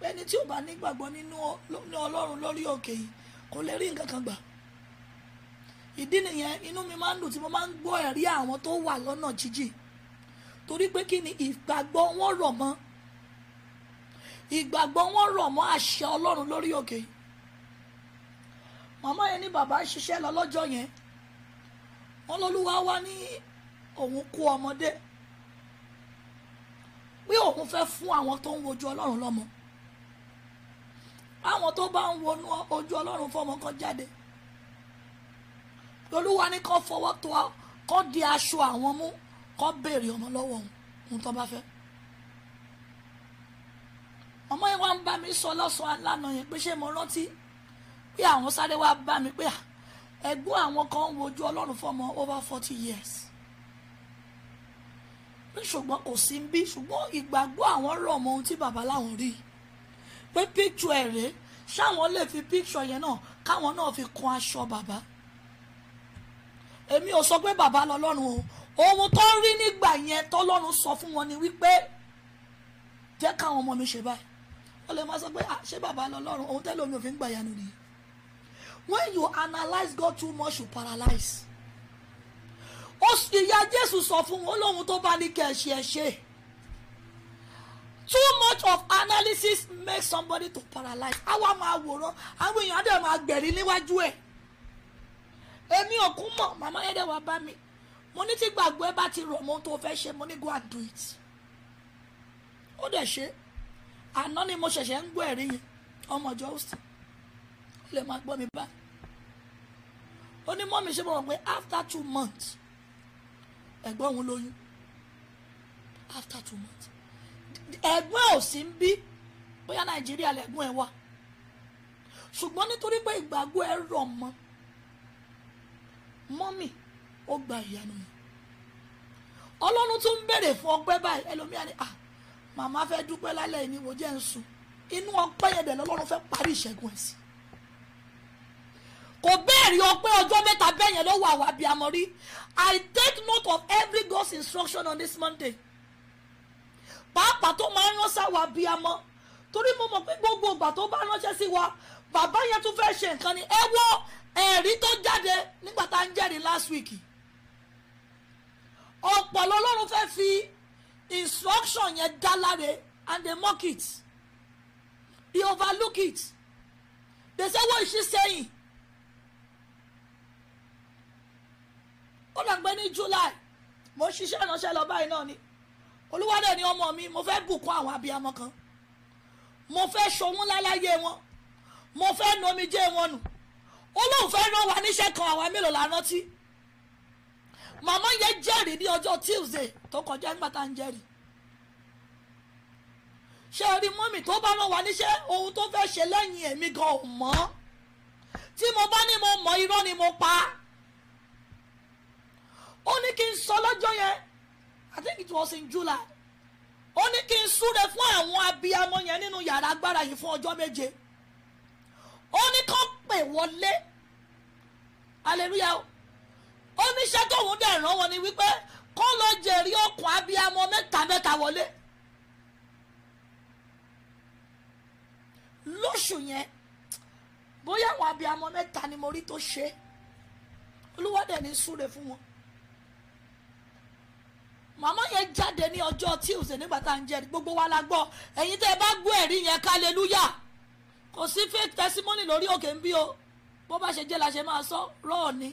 pé ẹni tí ò bá nígbàgbọ́ nínú ọlọ́run lórí òkè yìí kò lè rí nǹkan kan gbà ìdí nìyẹn inú mi máa ń dùn tí mo máa ń gbọ́ ẹ̀rí àwọn tó wà lọ́nà jíjìn torí pé kí ni ìgbàgbọ́ wọn rọ̀ mọ́ ìgbàgbọ́ wọn rọ̀ mọ́ àṣẹ ọlọ́run lórí òkè màmá yẹn ní bàbá ń ṣiṣẹ́ lọ lọ́jọ́ yẹn wọn lọ́lúwa wá ní òun kó ọmọdé pé òun fẹ́ fún àwọn tó ń wojú ọlọ́run lọ́mọ. Lo àwọn tó bá ń wọnú ojú ọlọ́run fọmọ kan jáde lolúwa ní kó fọwọ́ tó a kó di aṣọ àwọn mú kó béèrè ọmọ lọ́wọ́ òun tó bá fẹ́ ọmọ yẹn wá ń bá mi sọ lọ́sàn-án lánàá yẹn pé ṣé mo rántí pé àwọn sáré wá bá mi pé ẹ̀gbọ́n àwọn kan ń wojú ọlọ́run fọmọ over forty years ṣùgbọ́n kò sí ń bí ṣùgbọ́n ìgbàgbọ́ àwọn rọ̀ mọ́ ohun tí bàbá láwọn rí i pé píkṣọ ẹ̀ rèé ṣáwọn lè fi píkṣọ yẹn náà káwọn náà fi kun aṣọ bàbá èmi ò sọ pé bàbá lọ́lọ́run o ohun tó ń rí nígbà yẹn tọ́lọ́run sọ fún wọn ni wípé jẹ́ káwọn ọmọ mi ṣe báyìí wọ́n lè máa sọ pé ṣé bàbá lọ́lọ́run ohun tẹ́lẹ̀ omi ò fi ń when you analyse God too much you paralyze ó ìyá Jésù sọ fún wọn ó lóhun tó bá ní kẹ́ ṣe ẹ ṣe too much of analysis makes somebody to paralyze àwa máa wòrán àwọn èèyàn àdé máa gbẹ̀rí níwájú ẹ̀ èmi ò kún mọ̀ màmá yẹn dẹ̀ wá bá mi mo ní tí gbàgbọ́ ẹ bá ti rọ̀ mọ́ tó fẹ́ ṣe mo ní go and do it ó dẹ̀ ṣe àná ni mo ṣẹ̀ṣẹ̀ ń gbọ́ ẹ̀rí yẹn ọmọ ìjọ houston ó lè máa gbọ́ mi bá ó ní mọ́mí ṣe mọ̀ pé after two months ẹ̀gbọ́n òun lóyún after two months ẹ̀gbọ́n ò ń bí bóyá nàìjíríà lẹ́gbọ́n ẹ wà ṣùgbọ́n nítorí pé ìgbàgbọ́ ẹ rọ̀ mọ́ mọ́mì ó gba ìyanu yìí ọlọ́run tún ń fún ọpẹ́ báyìí ẹlòmíà ni ah, màmá fẹ́ dúpẹ́ lálẹ́ ìní wò jẹ́ ń sùn inú ọpẹ́ yẹn dẹ̀ lọ́lọ́run fẹ́ parí ìṣẹ́gun ẹ̀ sí kò béèrè ọpẹ́ ọjọ́ mẹ́ta bẹ́ẹ̀ yẹn lọ́wọ́ àwọn abiyamọ rí I take note of every God's instruction on this Monday pàápàá tó máa ń ránṣẹ́ wa bí a mọ́ torí mo mọ̀ pé gbogbo ìgbà tó bá ránṣẹ́ sí wa bàbá yẹn tún fẹ́ ṣe nǹkan ni ẹ wo ẹ̀rí tó jáde nígbà tá à ń jẹ́rìí last week ọ̀pọ̀ lọ́lọ́run fẹ́ fi instruction yẹn dá láre and they mock it they overlook it they say what is she saying ó dàgbé ní July mo ṣiṣẹ́ ìránṣẹ́ lọ báyìí náà ni olúwa náà ni ọmọ mi mo fẹ́ bùkún àwọn abiyamọ kan mo fẹ́ ṣòwò láláyé wọn mo fẹ́ nu omijé wọn nù olóhùn fẹ́ rán wa níṣẹ́ kan àwa mélòó la rántí màmá yẹn jẹ́rìí ní ọjọ́ Tuesday tó kọjá nígbà tá à ń jẹ́rìí ṣé orí mọ́mì tó bá rán wa níṣẹ́ ohun tó fẹ́ ṣe lẹ́yìn èmi gan ò mọ̀ tí mo bá ní mo mọ̀ irọ́ ni mo pa ó ní kí n sọ lọ́jọ́ yẹn I think it was in July ó ní kí n súre fún àwọn abiyamọ yẹn nínú yàrá agbára yìí fún ọjọ́ méje ó ní kán pè wọlé hallelujah ó ní iṣẹ́ tóun dẹ̀ ràn wọ́n ni wípé kó lọ jèrè ọkùn abiyamọ mẹ́ta mẹ́ta wọlé lóṣù yẹn bóyá àwọn abiyamọ mẹ́ta ni mo rí tó ṣe olúwa dẹ̀ ní súre fún wọn màmá yẹn jáde ní ọjọ́ Tuesday nígbà tá à ń jẹ gbogbo wa la gbọ́ ẹ̀yin tẹ́ ẹ bá gbọ́ ẹ̀rí yẹn hallelujah kò sí fake testimony lórí òkè ń bí o bó bá ṣe jẹ́ la ṣe máa sọ rọ́ọ̀ ni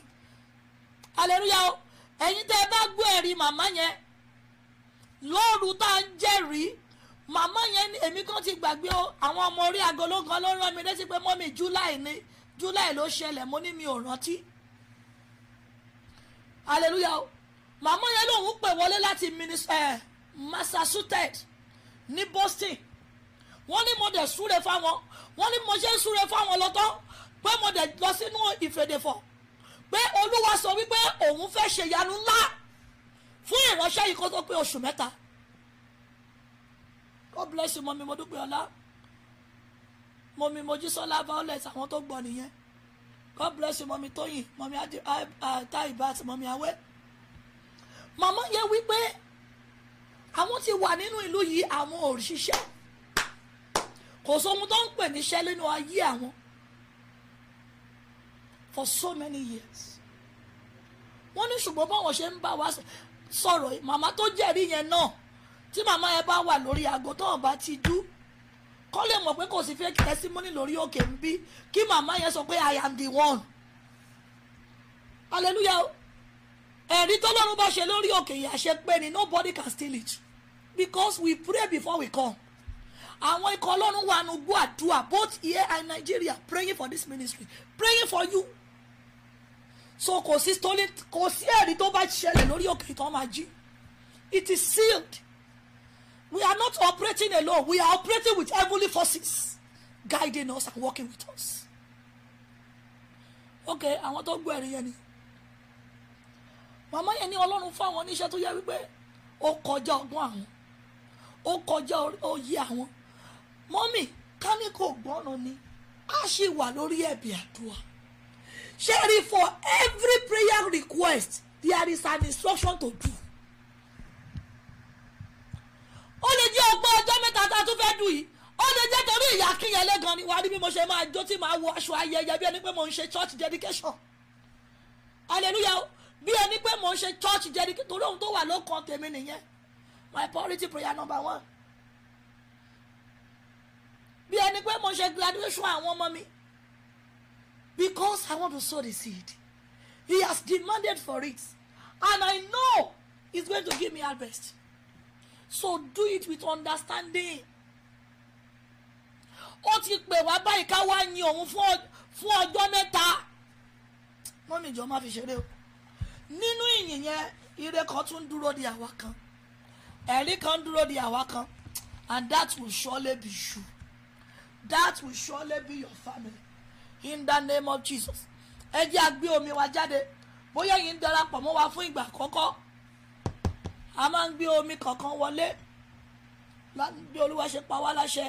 hallelujah o ẹ̀yin tẹ́ ẹ bá gbọ́ ẹ̀rí màmá yẹn lóru tá à ń jẹ́rìí màmá yẹn ni èmi kan ti gbàgbé o àwọn ọmọ orí agolo kan ló rán mi létí pé mọ́mì July ni July ló ṣẹlẹ̀ mo ní mi ò rántí hallelujah o màmá yẹn lòun pè wọlé láti Massachusetts ní Boston wọ́n ní mo dẹ̀ súre fáwọn wọ́n ní mo ṣe ń súre fáwọn lọ́tọ́ pé mo dẹ̀ lọ sínú ìfèdèfọ̀ pé olúwa sọ wípé òun fẹ́ ṣe ìyanu ńlá fún ìránṣẹ́ yìí kó tó pé oṣù mẹ́ta God bless you mọ́mí mo dúpẹ́ ọlá mọ́mí mojísọ́lá violet àwọn tó gbọ́ nìyẹn God bless you mọ́mí tóyìn mọ́mí táìbá àti mọ́mí awẹ́ màmá yẹn wípé àwọn ti wà nínú ìlú yìí àwọn ò ṣiṣẹ́ kò sóhun tó ń pè níṣẹ́ nínú ayé àwọn for so many years wọ́n ní ṣùgbọ́n báwọn ṣe ń bá wa sọ̀rọ̀ màmá tó jẹ́rìí yẹn náà tí màmá yẹn bá wà lórí aago tó ọba ti dú kọ́ lè mọ̀ pé kò sí fake testimony lórí òkè ń bí kí màmá yẹn sọ pé I am the one hallelujah ẹ̀rí tọ́lọ́run bá ṣe lórí òkè yìí àṣepé ni nobody can steal it because we pray before we come àwọn ikọ̀ ọlọ́run wà nù gbọ́ àdúrà both here and Nigeria praying for this ministry praying for you so kò sí stolen kò sí ẹ̀rí tó bá ṣẹlẹ̀ lórí òkè yìí tó máa jí it is sealed we are not operating alone we are operating with heavenly forces guiding us and working with us okay àwọn tó gbọ́ ẹ̀rí yẹn ni màmá yẹn ní ọlọ́run fáwọn oníṣẹ́ tó yẹ wípé ó kọjá ọgbọ́n àwọn ó kọjá òye àwọn mọ́mì káníkò gbọ́nà ni a ṣì wà lórí ẹ̀bì àdúrà ṣẹ́rí for every prayer request there is an instruction to do ó lè jẹ́ ọgbọ́n ọjọ́ mẹ́ta tá a tún fẹ́ dùn yìí ó lè jẹ́ torí ìyá kínyẹn lẹ́gàn ni wàá rí bí mo ṣe máa jó tí màá wọ aṣọ ayẹyẹ bí ẹni pé mo ń ṣe church dedication hallelujah bí ẹni pé mò ń ṣe church dedication torí ohun tó wà lọ́kàn tèmi nìyẹn my priority prayer number one bí ẹni pé mo ṣe graduation àwọn ọmọ mi because I want to sow the seed he has demanded for it and I know he's going to give me harvest so do it with understanding ó ti pè wá báyìí ká wá yin òun fún ọjọ́ mẹ́ta mọ́mí ìjọ fi ṣeré o nínú ìyìn yẹn ire kan tún dúró de àwa kan ẹ̀rí kan dúró de àwa kan and that will surely be you that will surely be your family in the name of Jesus ẹ jẹ́ àgbé omi wa jáde bóyá yìí ń darapọ̀ mọ́ wa fún ìgbà àkọ́kọ́ a máa ń gbé omi kankan wọlé bí olúwa ṣe pa wá láṣẹ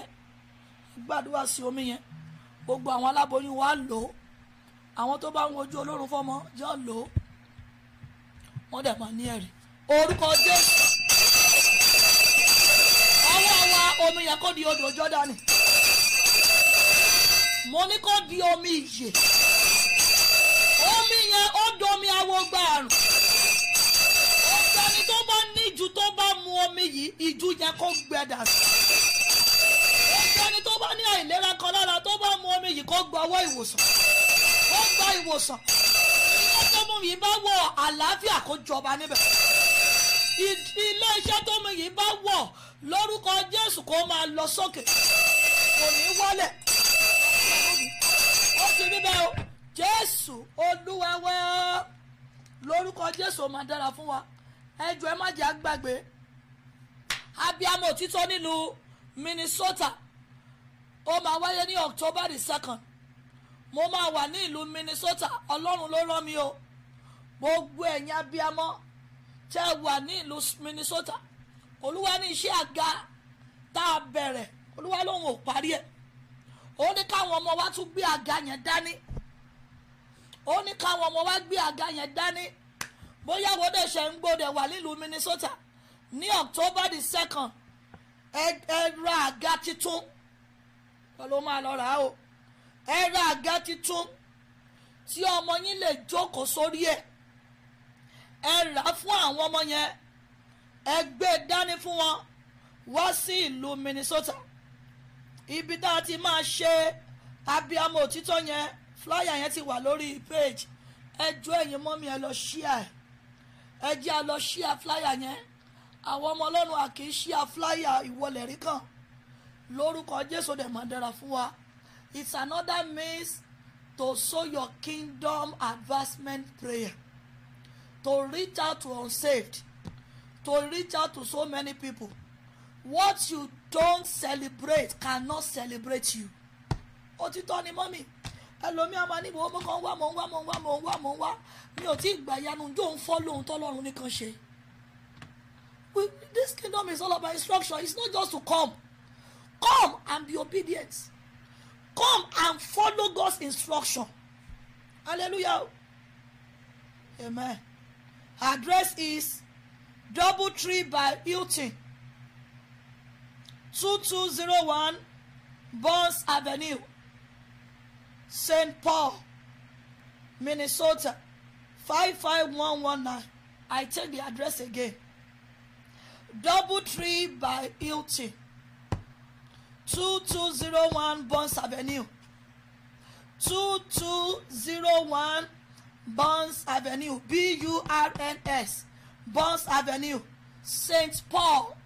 gbàdúrà sí omi yẹn gbogbo àwọn aláboyún wa lò ó àwọn tó bá ń wojú Ọlọ́run fọ́mọ jọ lò ó wọ́n dẹ̀ máa ní ẹ̀rí orúkọ jésù ọwọ́ wa omi yẹn kó di odò jọ́dánì mo ní kó di omi ìyè omi yẹn ó domi awo gba àrùn ọ̀gbẹ́ni tó bá ní ìjù tó bá mu omi yìí ìjù yẹn kó gbẹdà sí ọ̀gbẹ́ni tó bá ní àìlera kan lára tó bá mu omi yìí kó gba ọwọ́ ìwòsàn kó gba ìwòsàn ọmọ yìí bá wọ̀ àlàáfíà kó jọba níbẹ̀ ilé iṣẹ́ tó ọmọ yìí bá wọ̀ lórúkọ Jésù kó máa lọ sókè kò ní wálẹ̀ ó ti rí bẹ́ẹ̀ o Jésù olúwẹ́wẹ́ lórúkọ Jésù máa dára fún wa ẹ jọ̀ọ́ ẹ má jẹ́ àgbàgbé abiamọ òtítọ́ nílùú Minnesota ó máa wáyé ní October the second mo máa wà ní ìlú Minnesota Ọlọ́run ló rán mi o gbogbo ẹ̀yin abiyamọ tẹ́ wà ní ìlú Minnesota olúwa ní iṣẹ́ àga tá a bẹ̀rẹ̀ olúwa lòun ò parí ẹ̀ ó ní káwọn ọmọ wa tún gbé àga yẹn dání ó ní káwọn ọmọ wa gbé àga yẹn dání bóyá wo dẹ̀ ṣe ń gbọ́dẹ̀ wà nílùú Minnesota ní October the second ẹ ra àga titun wọ́n ló máa lọ rà á o ẹ ra àga titun tí ọmọ yín lè jókòó sórí ẹ̀ ẹ rà fún àwọn ọmọ yẹn ẹ gbé e dání fún wọn wá sí ìlú Minnesota ibi tá a ti máa ṣe abiyamọ òtítọ́ yẹn flyer yẹn ti wà lórí page ẹ jọ̀ọ́ ẹ̀yin ẹ lọ ṣíà ẹ jẹ́ a lọ ṣíà flyer yẹn àwọn ọmọ ọlọ́run à í ṣíà flyer ìwọlẹ̀ rí kàn lórúkọ Jésù dẹ̀ máa dára fún wa it's another means to show your kingdom advancement prayer to reach out to unsaved to reach out to so many people what you don't celebrate cannot celebrate you òtítọ́ ni mọ́mì ẹlòmíà máa níbo mo kàn wá mo ń wá mo ń wá mo ń wá mo ń wá mi ò tí ì gbà yanu jó ń fọ́ lóhun tọ́lọ́run nìkan ṣe this kingdom is all about instruction it's not just to come come and be obedient come and follow God's instruction hallelujah amen address is double three by hilton two two zero one bonds avenue st paul minnesota five five one one nine i take the address again Double three by hilton two two zero one bonds avenue two two zero one. Burns Avenue B U R N S Burns Avenue St Paul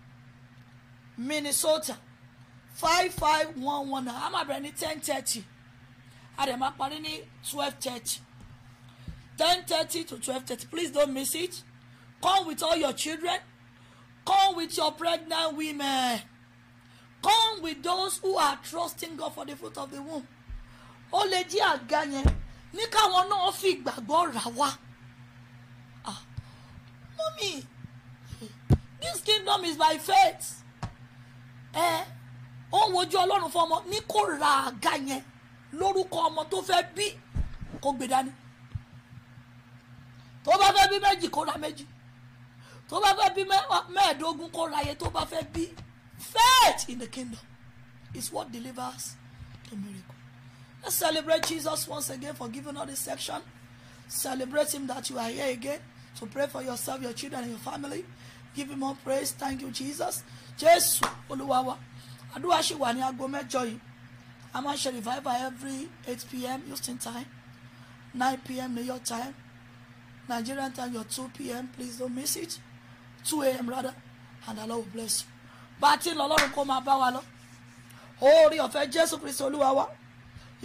Minnesota five five one one náà a máa ten thirty a dẹ̀ máa twelve thirty ten thirty to twelve thirty please don't miss it come with all your children come with your pregnant women come with those who are trusting God for the fruit of the womb ó lè jí àga yẹn ní káwọn náà fi ìgbàgbọ́ rà wá mọ́mí this kingdom is by faith ẹ ó ń wojú ọlọ́run fún ọmọ ní kó ra àga yẹn lórúkọ ọmọ tó fẹ́ bí kó gbé dání tó bá fẹ́ bí méjì kó ra méjì tó bá fẹ́ bí mẹ́ẹ̀ẹ́dógún kó ra iye tó bá fẹ́ bí faith in the kingdom is what delivers the miracle. Let's celebrate Jesus once again for giving us this section. Celebrate Him that you are here again So pray for yourself, your children, and your family. Give Him all praise. Thank you, Jesus. Jesus Oluwawa. I do ṣì wà ní aago mẹ́jọ yìí. A máa ń ṣe revival every 8 pm Houston time, 9 pm New York time, Nigerian time your 2 pm please don't miss it, 2 am rather and the Lord will bless you. But a the Lord lọ́run kó máa Lord. Holy of Oore ọ̀fẹ́ Jésù Oluwawa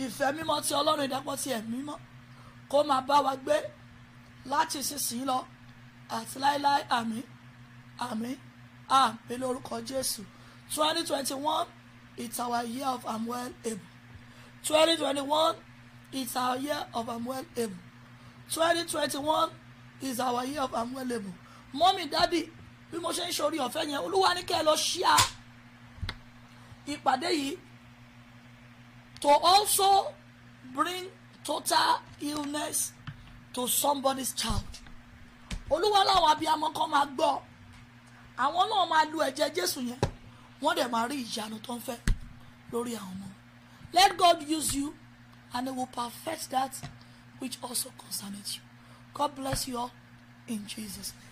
ìfẹ́ mímọ́ ti ọlọ́run ìdàpọ̀ ti ẹ̀mí mímọ́ kó máa bá wa gbé láti ìsinsìnyí lọ àti láéláé àmín àmín àmín lórúkọ jésù twenty twenty one it's our year of i'm well able twenty twenty one it's our year of i'm well able twenty twenty one is our year of i'm well able mọ́mí dádì bí mo ṣe ń ṣorí ọ̀fẹ́ yẹn olúwa ní kẹ́ ẹ lọ ṣíà ìpàdé yìí to also bring total illness to somebody's child olúwa láwọn abiyamọ kan máa gbọ́ àwọn náà máa lu ẹ̀jẹ̀ jésù yẹn wọ́n dẹ̀ máa rí ìyanu tó ń fẹ́ lórí àwọn ọmọ let God use you and he will perfect that which also concerns you God bless you all in Jesus name.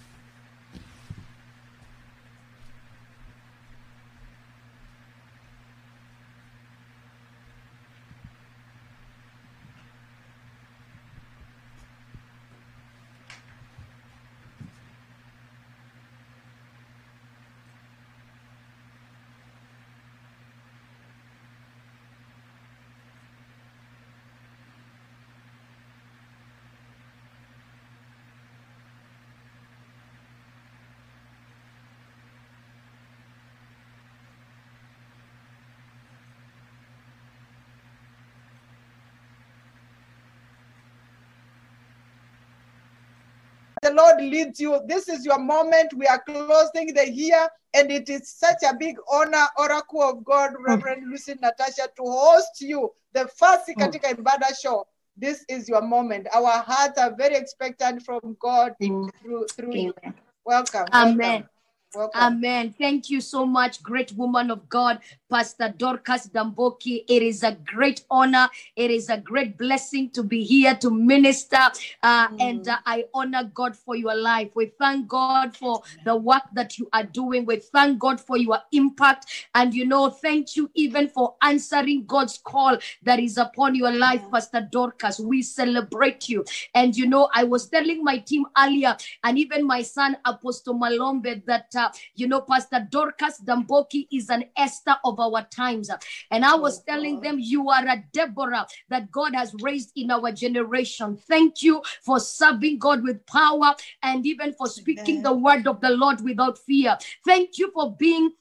the Lord leads you. This is your moment. We are closing the year, and it is such a big honor, Oracle of God, hmm. Reverend mm. Lucy Natasha, to host you the first hmm. Katika Ibada show. This is your moment. Our hearts are very expectant from God mm. through, through Amen. you. Welcome. Amen. Welcome. Welcome. Amen. Thank you so much, great woman of God, Pastor Dorcas Damboki. It is a great honor. It is a great blessing to be here to minister. Uh, mm. And uh, I honor God for your life. We thank God for the work that you are doing. We thank God for your impact. And you know, thank you even for answering God's call that is upon your life, Pastor Dorcas. We celebrate you. And you know, I was telling my team earlier, and even my son, Apostle Malombe, that. Uh, you know, Pastor Dorcas Damboki is an Esther of our times. And I was oh, telling them, You are a Deborah that God has raised in our generation. Thank you for serving God with power and even for speaking Amen. the word of the Lord without fear. Thank you for being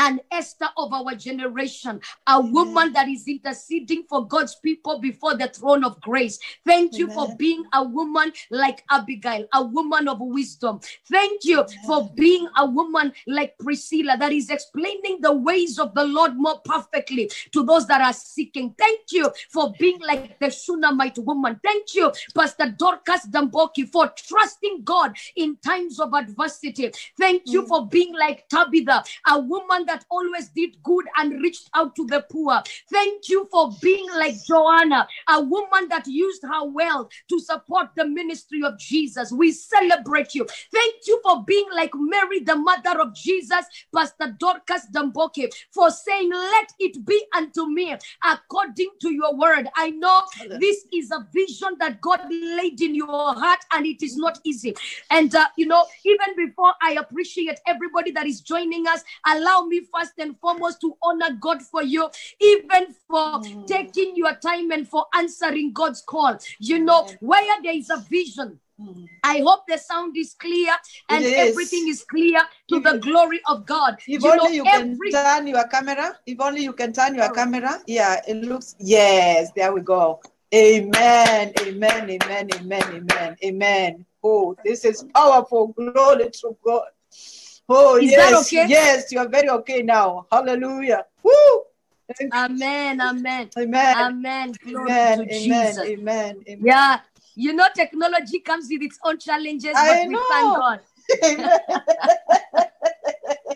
and Esther of our generation, a Amen. woman that is interceding for God's people before the throne of grace. Thank Amen. you for being a woman like Abigail, a woman of wisdom. Thank you Amen. for being a woman like Priscilla that is explaining the ways of the Lord more perfectly to those that are seeking. Thank you for being like the Shunammite woman. Thank you, Pastor Dorcas Damboki, for trusting God in times of adversity. Thank you mm. for being like Tabitha, a woman that always did good and reached out to the poor. Thank you for being like Joanna, a woman that used her wealth to support the ministry of Jesus. We celebrate you. Thank you for being like Mary, the mother of Jesus, Pastor Dorcas Damboke, for saying, Let it be unto me according to your word. I know this is a vision that God laid in your heart, and it is not easy. And, uh, you know, even before I appreciate everybody that is joining us, allow me first and foremost to honor God for you, even for mm. taking your time and for answering God's call. You know, where there is a vision, mm. I hope the sound is clear and is. everything is clear to if, the glory of God. If you only know, you every... can turn your camera. If only you can turn your oh. camera. Yeah, it looks. Yes, there we go. Amen. Amen. Amen. Amen. Amen. Amen. Oh, this is powerful. Glory to God. Oh, Is yes, okay? yes, you are very okay now. Hallelujah. Woo! Amen, amen, amen, amen, glory amen, to amen, Jesus. Amen, amen. Yeah, you know, technology comes with its own challenges, I but know. we thank God.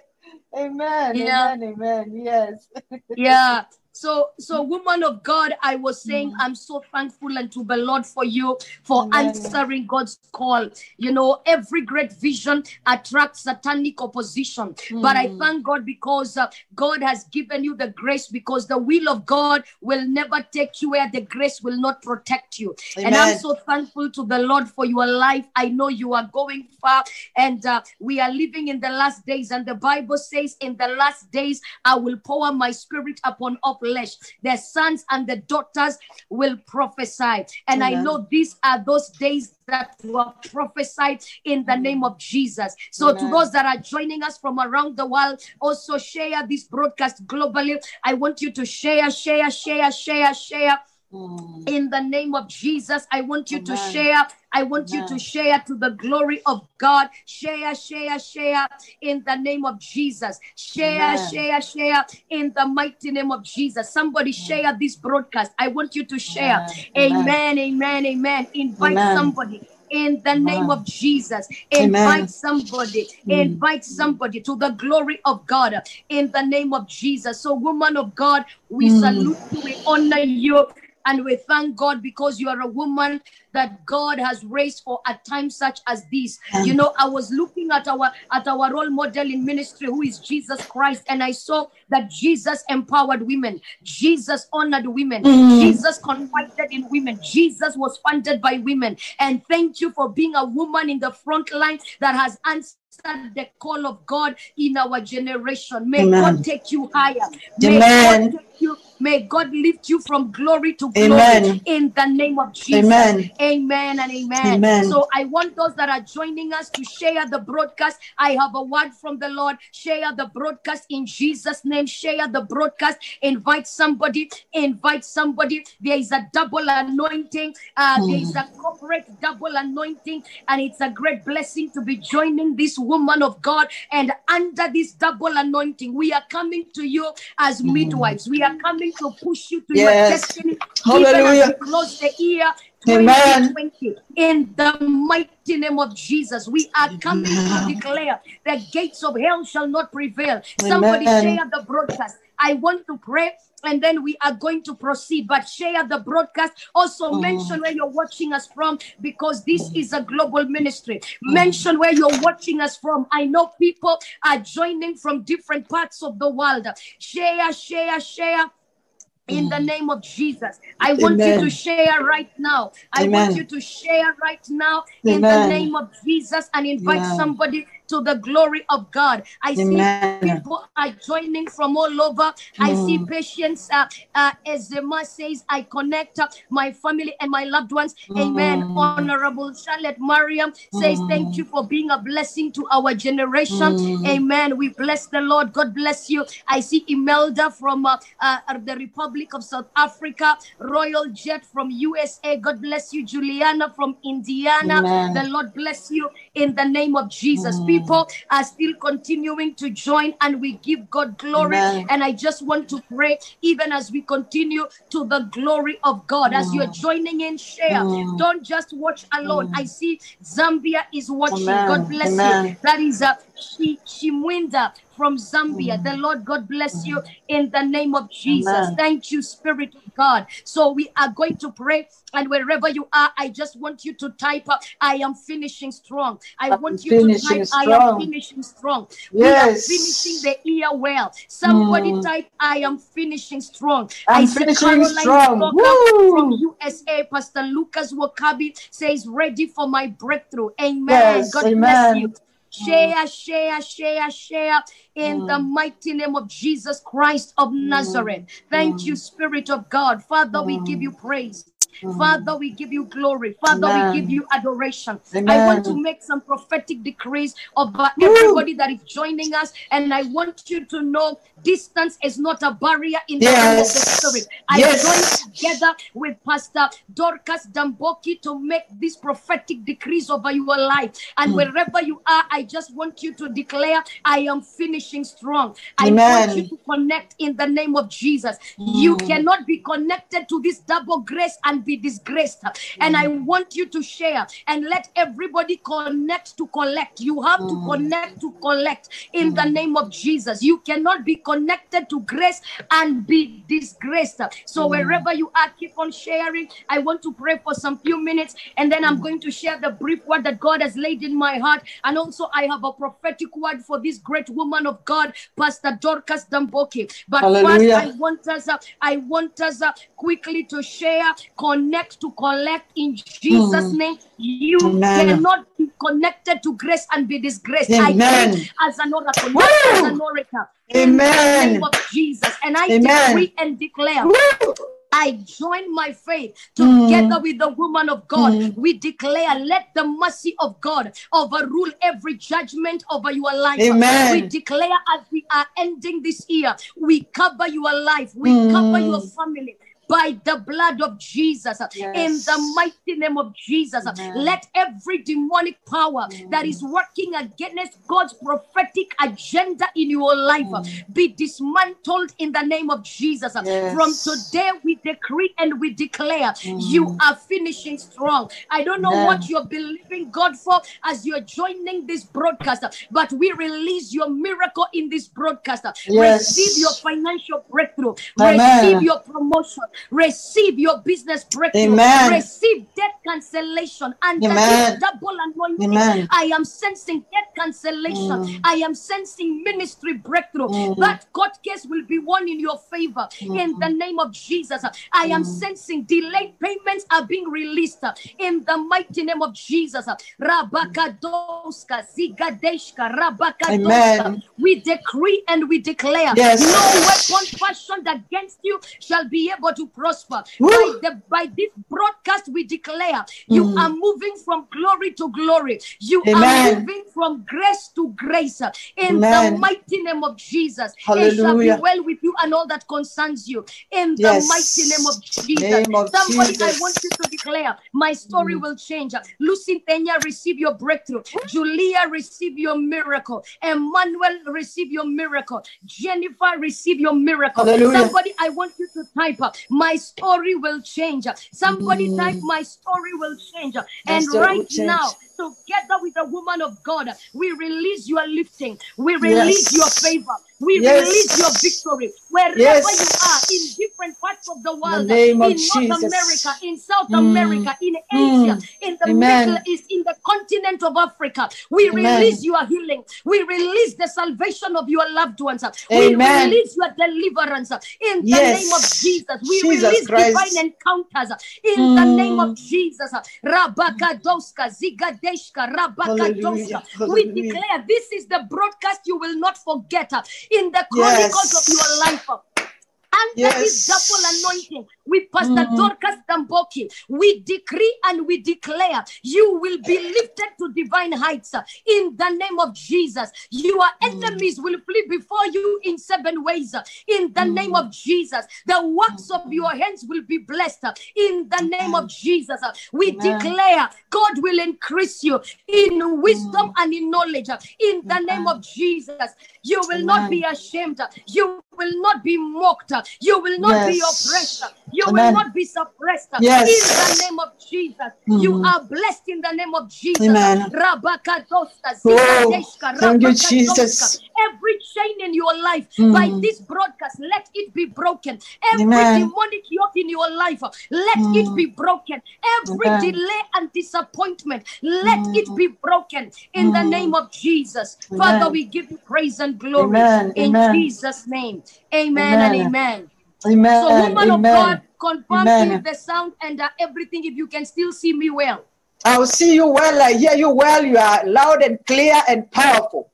Amen. amen, yeah. amen, amen. Yes. Yeah. So, so woman of God, I was saying, mm. I'm so thankful and to the Lord for you for Amen. answering God's call. You know, every great vision attracts satanic opposition, mm. but I mm. thank God because uh, God has given you the grace because the will of God will never take you where the grace will not protect you. Amen. And I'm so thankful to the Lord for your life. I know you are going far, and uh, we are living in the last days. And the Bible says, "In the last days, I will pour my spirit upon all." flesh. Their sons and the daughters will prophesy. And Amen. I know these are those days that were prophesied in the name of Jesus. So, Amen. to those that are joining us from around the world, also share this broadcast globally. I want you to share, share, share, share, share Mm. In the name of Jesus, I want you Amen. to share. I want Amen. you to share to the glory of God. Share, share, share in the name of Jesus. Share, Amen. share, share in the mighty name of Jesus. Somebody mm. share this broadcast. I want you to share. Amen, amen, amen. Invite somebody in the Amen. name of Jesus. Invite Amen. somebody, mm. invite somebody to the glory of God in the name of Jesus. So, woman of God, we mm. salute you, we honor you and we thank God because you are a woman that God has raised for a time such as this. You know, I was looking at our at our role model in ministry, who is Jesus Christ, and I saw that Jesus empowered women, Jesus honored women, mm. Jesus confided in women, Jesus was funded by women. And thank you for being a woman in the front line that has answered the call of God in our generation. May Amen. God take you higher. May Amen. God take you May God lift you from glory to glory amen. in the name of Jesus. Amen. Amen and amen. amen. So I want those that are joining us to share the broadcast. I have a word from the Lord. Share the broadcast in Jesus' name. Share the broadcast. Invite somebody. Invite somebody. There is a double anointing. Uh, mm. There is a mm. corporate double anointing. And it's a great blessing to be joining this woman of God. And under this double anointing, we are coming to you as mm. midwives. We are coming to push you to yes. your destiny. Hallelujah. Even close the ear. Amen. In the mighty name of Jesus, we are coming Amen. to declare the gates of hell shall not prevail. Amen. Somebody share the broadcast. I want to pray and then we are going to proceed. But share the broadcast. Also, oh. mention where you're watching us from because this oh. is a global ministry. Oh. Mention where you're watching us from. I know people are joining from different parts of the world. Share, share, share in the mm. name of Jesus. I Amen. want you to share right now. I Amen. want you to share right now Amen. in the name of Jesus and invite yeah. somebody to the glory of God. I Amen. see people are joining from all over. I mm. see patients. Uh, uh, as Zema says, I connect uh, my family and my loved ones. Mm. Amen. Honorable Charlotte Mariam says, mm. Thank you for being a blessing to our generation. Mm. Amen. We bless the Lord. God bless you. I see Imelda from uh, uh, the Republic of South Africa, Royal Jet from USA. God bless you. Juliana from Indiana. Amen. The Lord bless you in the name of Jesus. Mm. People are still continuing to join, and we give God glory. Amen. And I just want to pray, even as we continue to the glory of God, mm. as you're hmm. joining in, share. Mm. Don't just watch alone. I hmm. see Zambia is watching. Amen. God bless Amen. you. That is a she Shimwinda uh, from Zambia. The mm. Lord God bless you in the name of Jesus. Amen. Thank you, Spirit of God. So we are going to pray. And wherever you are, I just want you to type up, uh, I am finishing strong. I I'm want you to type, strong. I am finishing strong. Yes. We are finishing the year well. Somebody mm. type, I am finishing strong. I'm I finishing strong. From USA, Pastor Lucas Wakabi says, ready for my breakthrough. Amen. Yes, God amen. bless you. Share, oh. share, share, share in the mm. mighty name of Jesus Christ of mm. Nazareth. Thank you, mm. Spirit of God. Father, we give you praise. Father, we give you glory. Father, Amen. we give you adoration. Amen. I want to make some prophetic decrees over everybody that is joining us. And I want you to know distance is not a barrier in the yes. the spirit. I yes. going together with Pastor Dorcas Damboki to make these prophetic decrees over your life. And mm. wherever you are, I just want you to declare, I am finishing strong. I Amen. want you to connect in the name of Jesus. Mm. You hmm. cannot be connected to this double grace and be disgraced. And I mm. want you to share and let everybody connect to collect. You have to mm. connect to collect in the mm. name of Jesus. You cannot be connected to grace and be disgraced. So wherever you are, keep on sharing. I want to pray for some few minutes and then I'm going to share the brief word that God has laid in my heart. And also, I have a prophetic word for this great woman of God, Pastor Dorcas Damboki. But Hallelujah. first, I want us, uh, I want us uh, quickly to share. Con- connect to collect in Jesus' mm. name. You Amen. cannot be connected to grace and be disgraced. Amen. I as an oracle, as an oracle. Amen. In the name of Jesus. And I decree and declare. Woo! I join my faith hmm. together mm. with the woman of God. Mm. We declare, let the mercy of God overrule every judgment over your life. Amen. We declare, as we are ending this year, we cover your life, we mm. cover your family, by the blood of Jesus. Yes. In the mighty name of Jesus, Amen. let every demonic power Amen. that is working against God's prophetic agenda in your life Amen. Mm. be dismantled in the name of Jesus. Yes. From today, we decree and we declare you mm. are finishing strong. I don't know what you're believing God for as you're joining this broadcaster, but we release your miracle in this broadcaster. Yes. Receive your financial breakthrough, receive your promotion Receive your business breakthrough. Amen. Receive debt cancellation and double anointing. Amen. I am sensing debt cancellation. Mm. I am sensing ministry breakthrough. Mm. That court case will be won in your favor mm. in the name of Jesus. I am mm. sensing delayed payments are being released in the mighty name of Jesus. Rabakadoska, Zigadeshka, Rabakadoska. We decree and we declare yes. no weapon fashioned against you shall be able to to prosper. By, the, by, this broadcast, we declare you mm. are moving from glory to glory. You Amen. are moving from grace to grace. In Amen. the mighty name of Jesus, Hallelujah. it shall be well with you and all that concerns you. In yes. the mighty name of Jesus, name of somebody Jesus. I want you to declare, my story mm. will change. Lucy Tenya, receive your breakthrough. Hmm. Julia, receive your miracle. Emmanuel, receive your miracle. Jennifer, receive your miracle. Hallelujah. Somebody, I want you to type up. My story will change. Somebody mm. type, My story will change. My and right change. now, together with the woman of God, we release your lifting, we release yes. your favor. We yes. release your victory wherever yes. you are in different parts of the world, in, the in North Jesus. America, in South mm. America, in mm. Asia, mm. in the Amen. Middle East, in the continent of Africa. We Amen. release your healing. We release the salvation of your loved ones. We release your deliverance in the yes. name of Jesus. We Jesus release Christ. divine encounters in mm. the name of Jesus. Rabakadoska, Zigadeshka, Rabakadoska. We declare this is the broadcast you will not forget in the chronicles yes. of your life. Under yes. double anointing, we Pastor mm. Mm-hmm. Dorcas Damboki, we decree and we declare you will be lifted to divine heights in the name of Jesus. Your mm. enemies mm. will flee before you in seven ways in the mm. name of Jesus. The works of mm. your hands will be blessed in the name of Jesus. We Amen. declare God will increase you in mm. wisdom and in knowledge in the name of Jesus. You will Amen. not be ashamed. You will not be mocked. You will not yes. be oppressed. You Amen. will not be suppressed. Yes. In the name of Jesus. Mm. You mm-hmm. are blessed in the name of Jesus. Amen. Oh, thank you, Jesus. Every chain in your life, mm. by mm-hmm. this broadcast, let it be broken. Every Amen. demonic yoke in your life, let mm. it mm-hmm. be broken. Every Amen. delay and disappointment, let it be broken in the name of Jesus. Father, we give you praise and glory in Jesus' name. Amen, amen. and amen. Amen. So, woman amen. of God, confirm amen. the sound and uh, everything if you can still see me well. I'll see you well. I hear you well. You are loud and clear and powerful.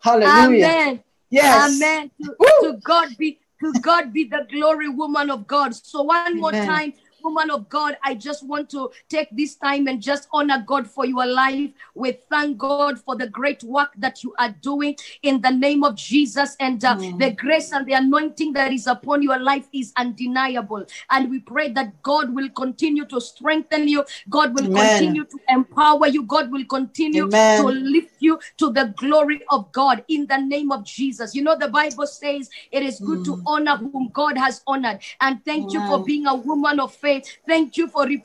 Hallelujah. Amen. Yes. Amen. To, to God be to God be the glory, woman of God. So one Amen. more time, woman of God, I just want to take this time and just honor God for your life. We thank God for the great work that you are doing in the name of Jesus. And uh, the grace and the anointing that is upon your life is undeniable. And we pray that God will continue to strengthen you, God will Amen. continue to empower you, God will continue Amen. to lift you to the glory of God in the name of Jesus. You know, the Bible says it is good mm. to honor whom God has honored. And thank Amen. you for being a woman of faith thank you for reporting.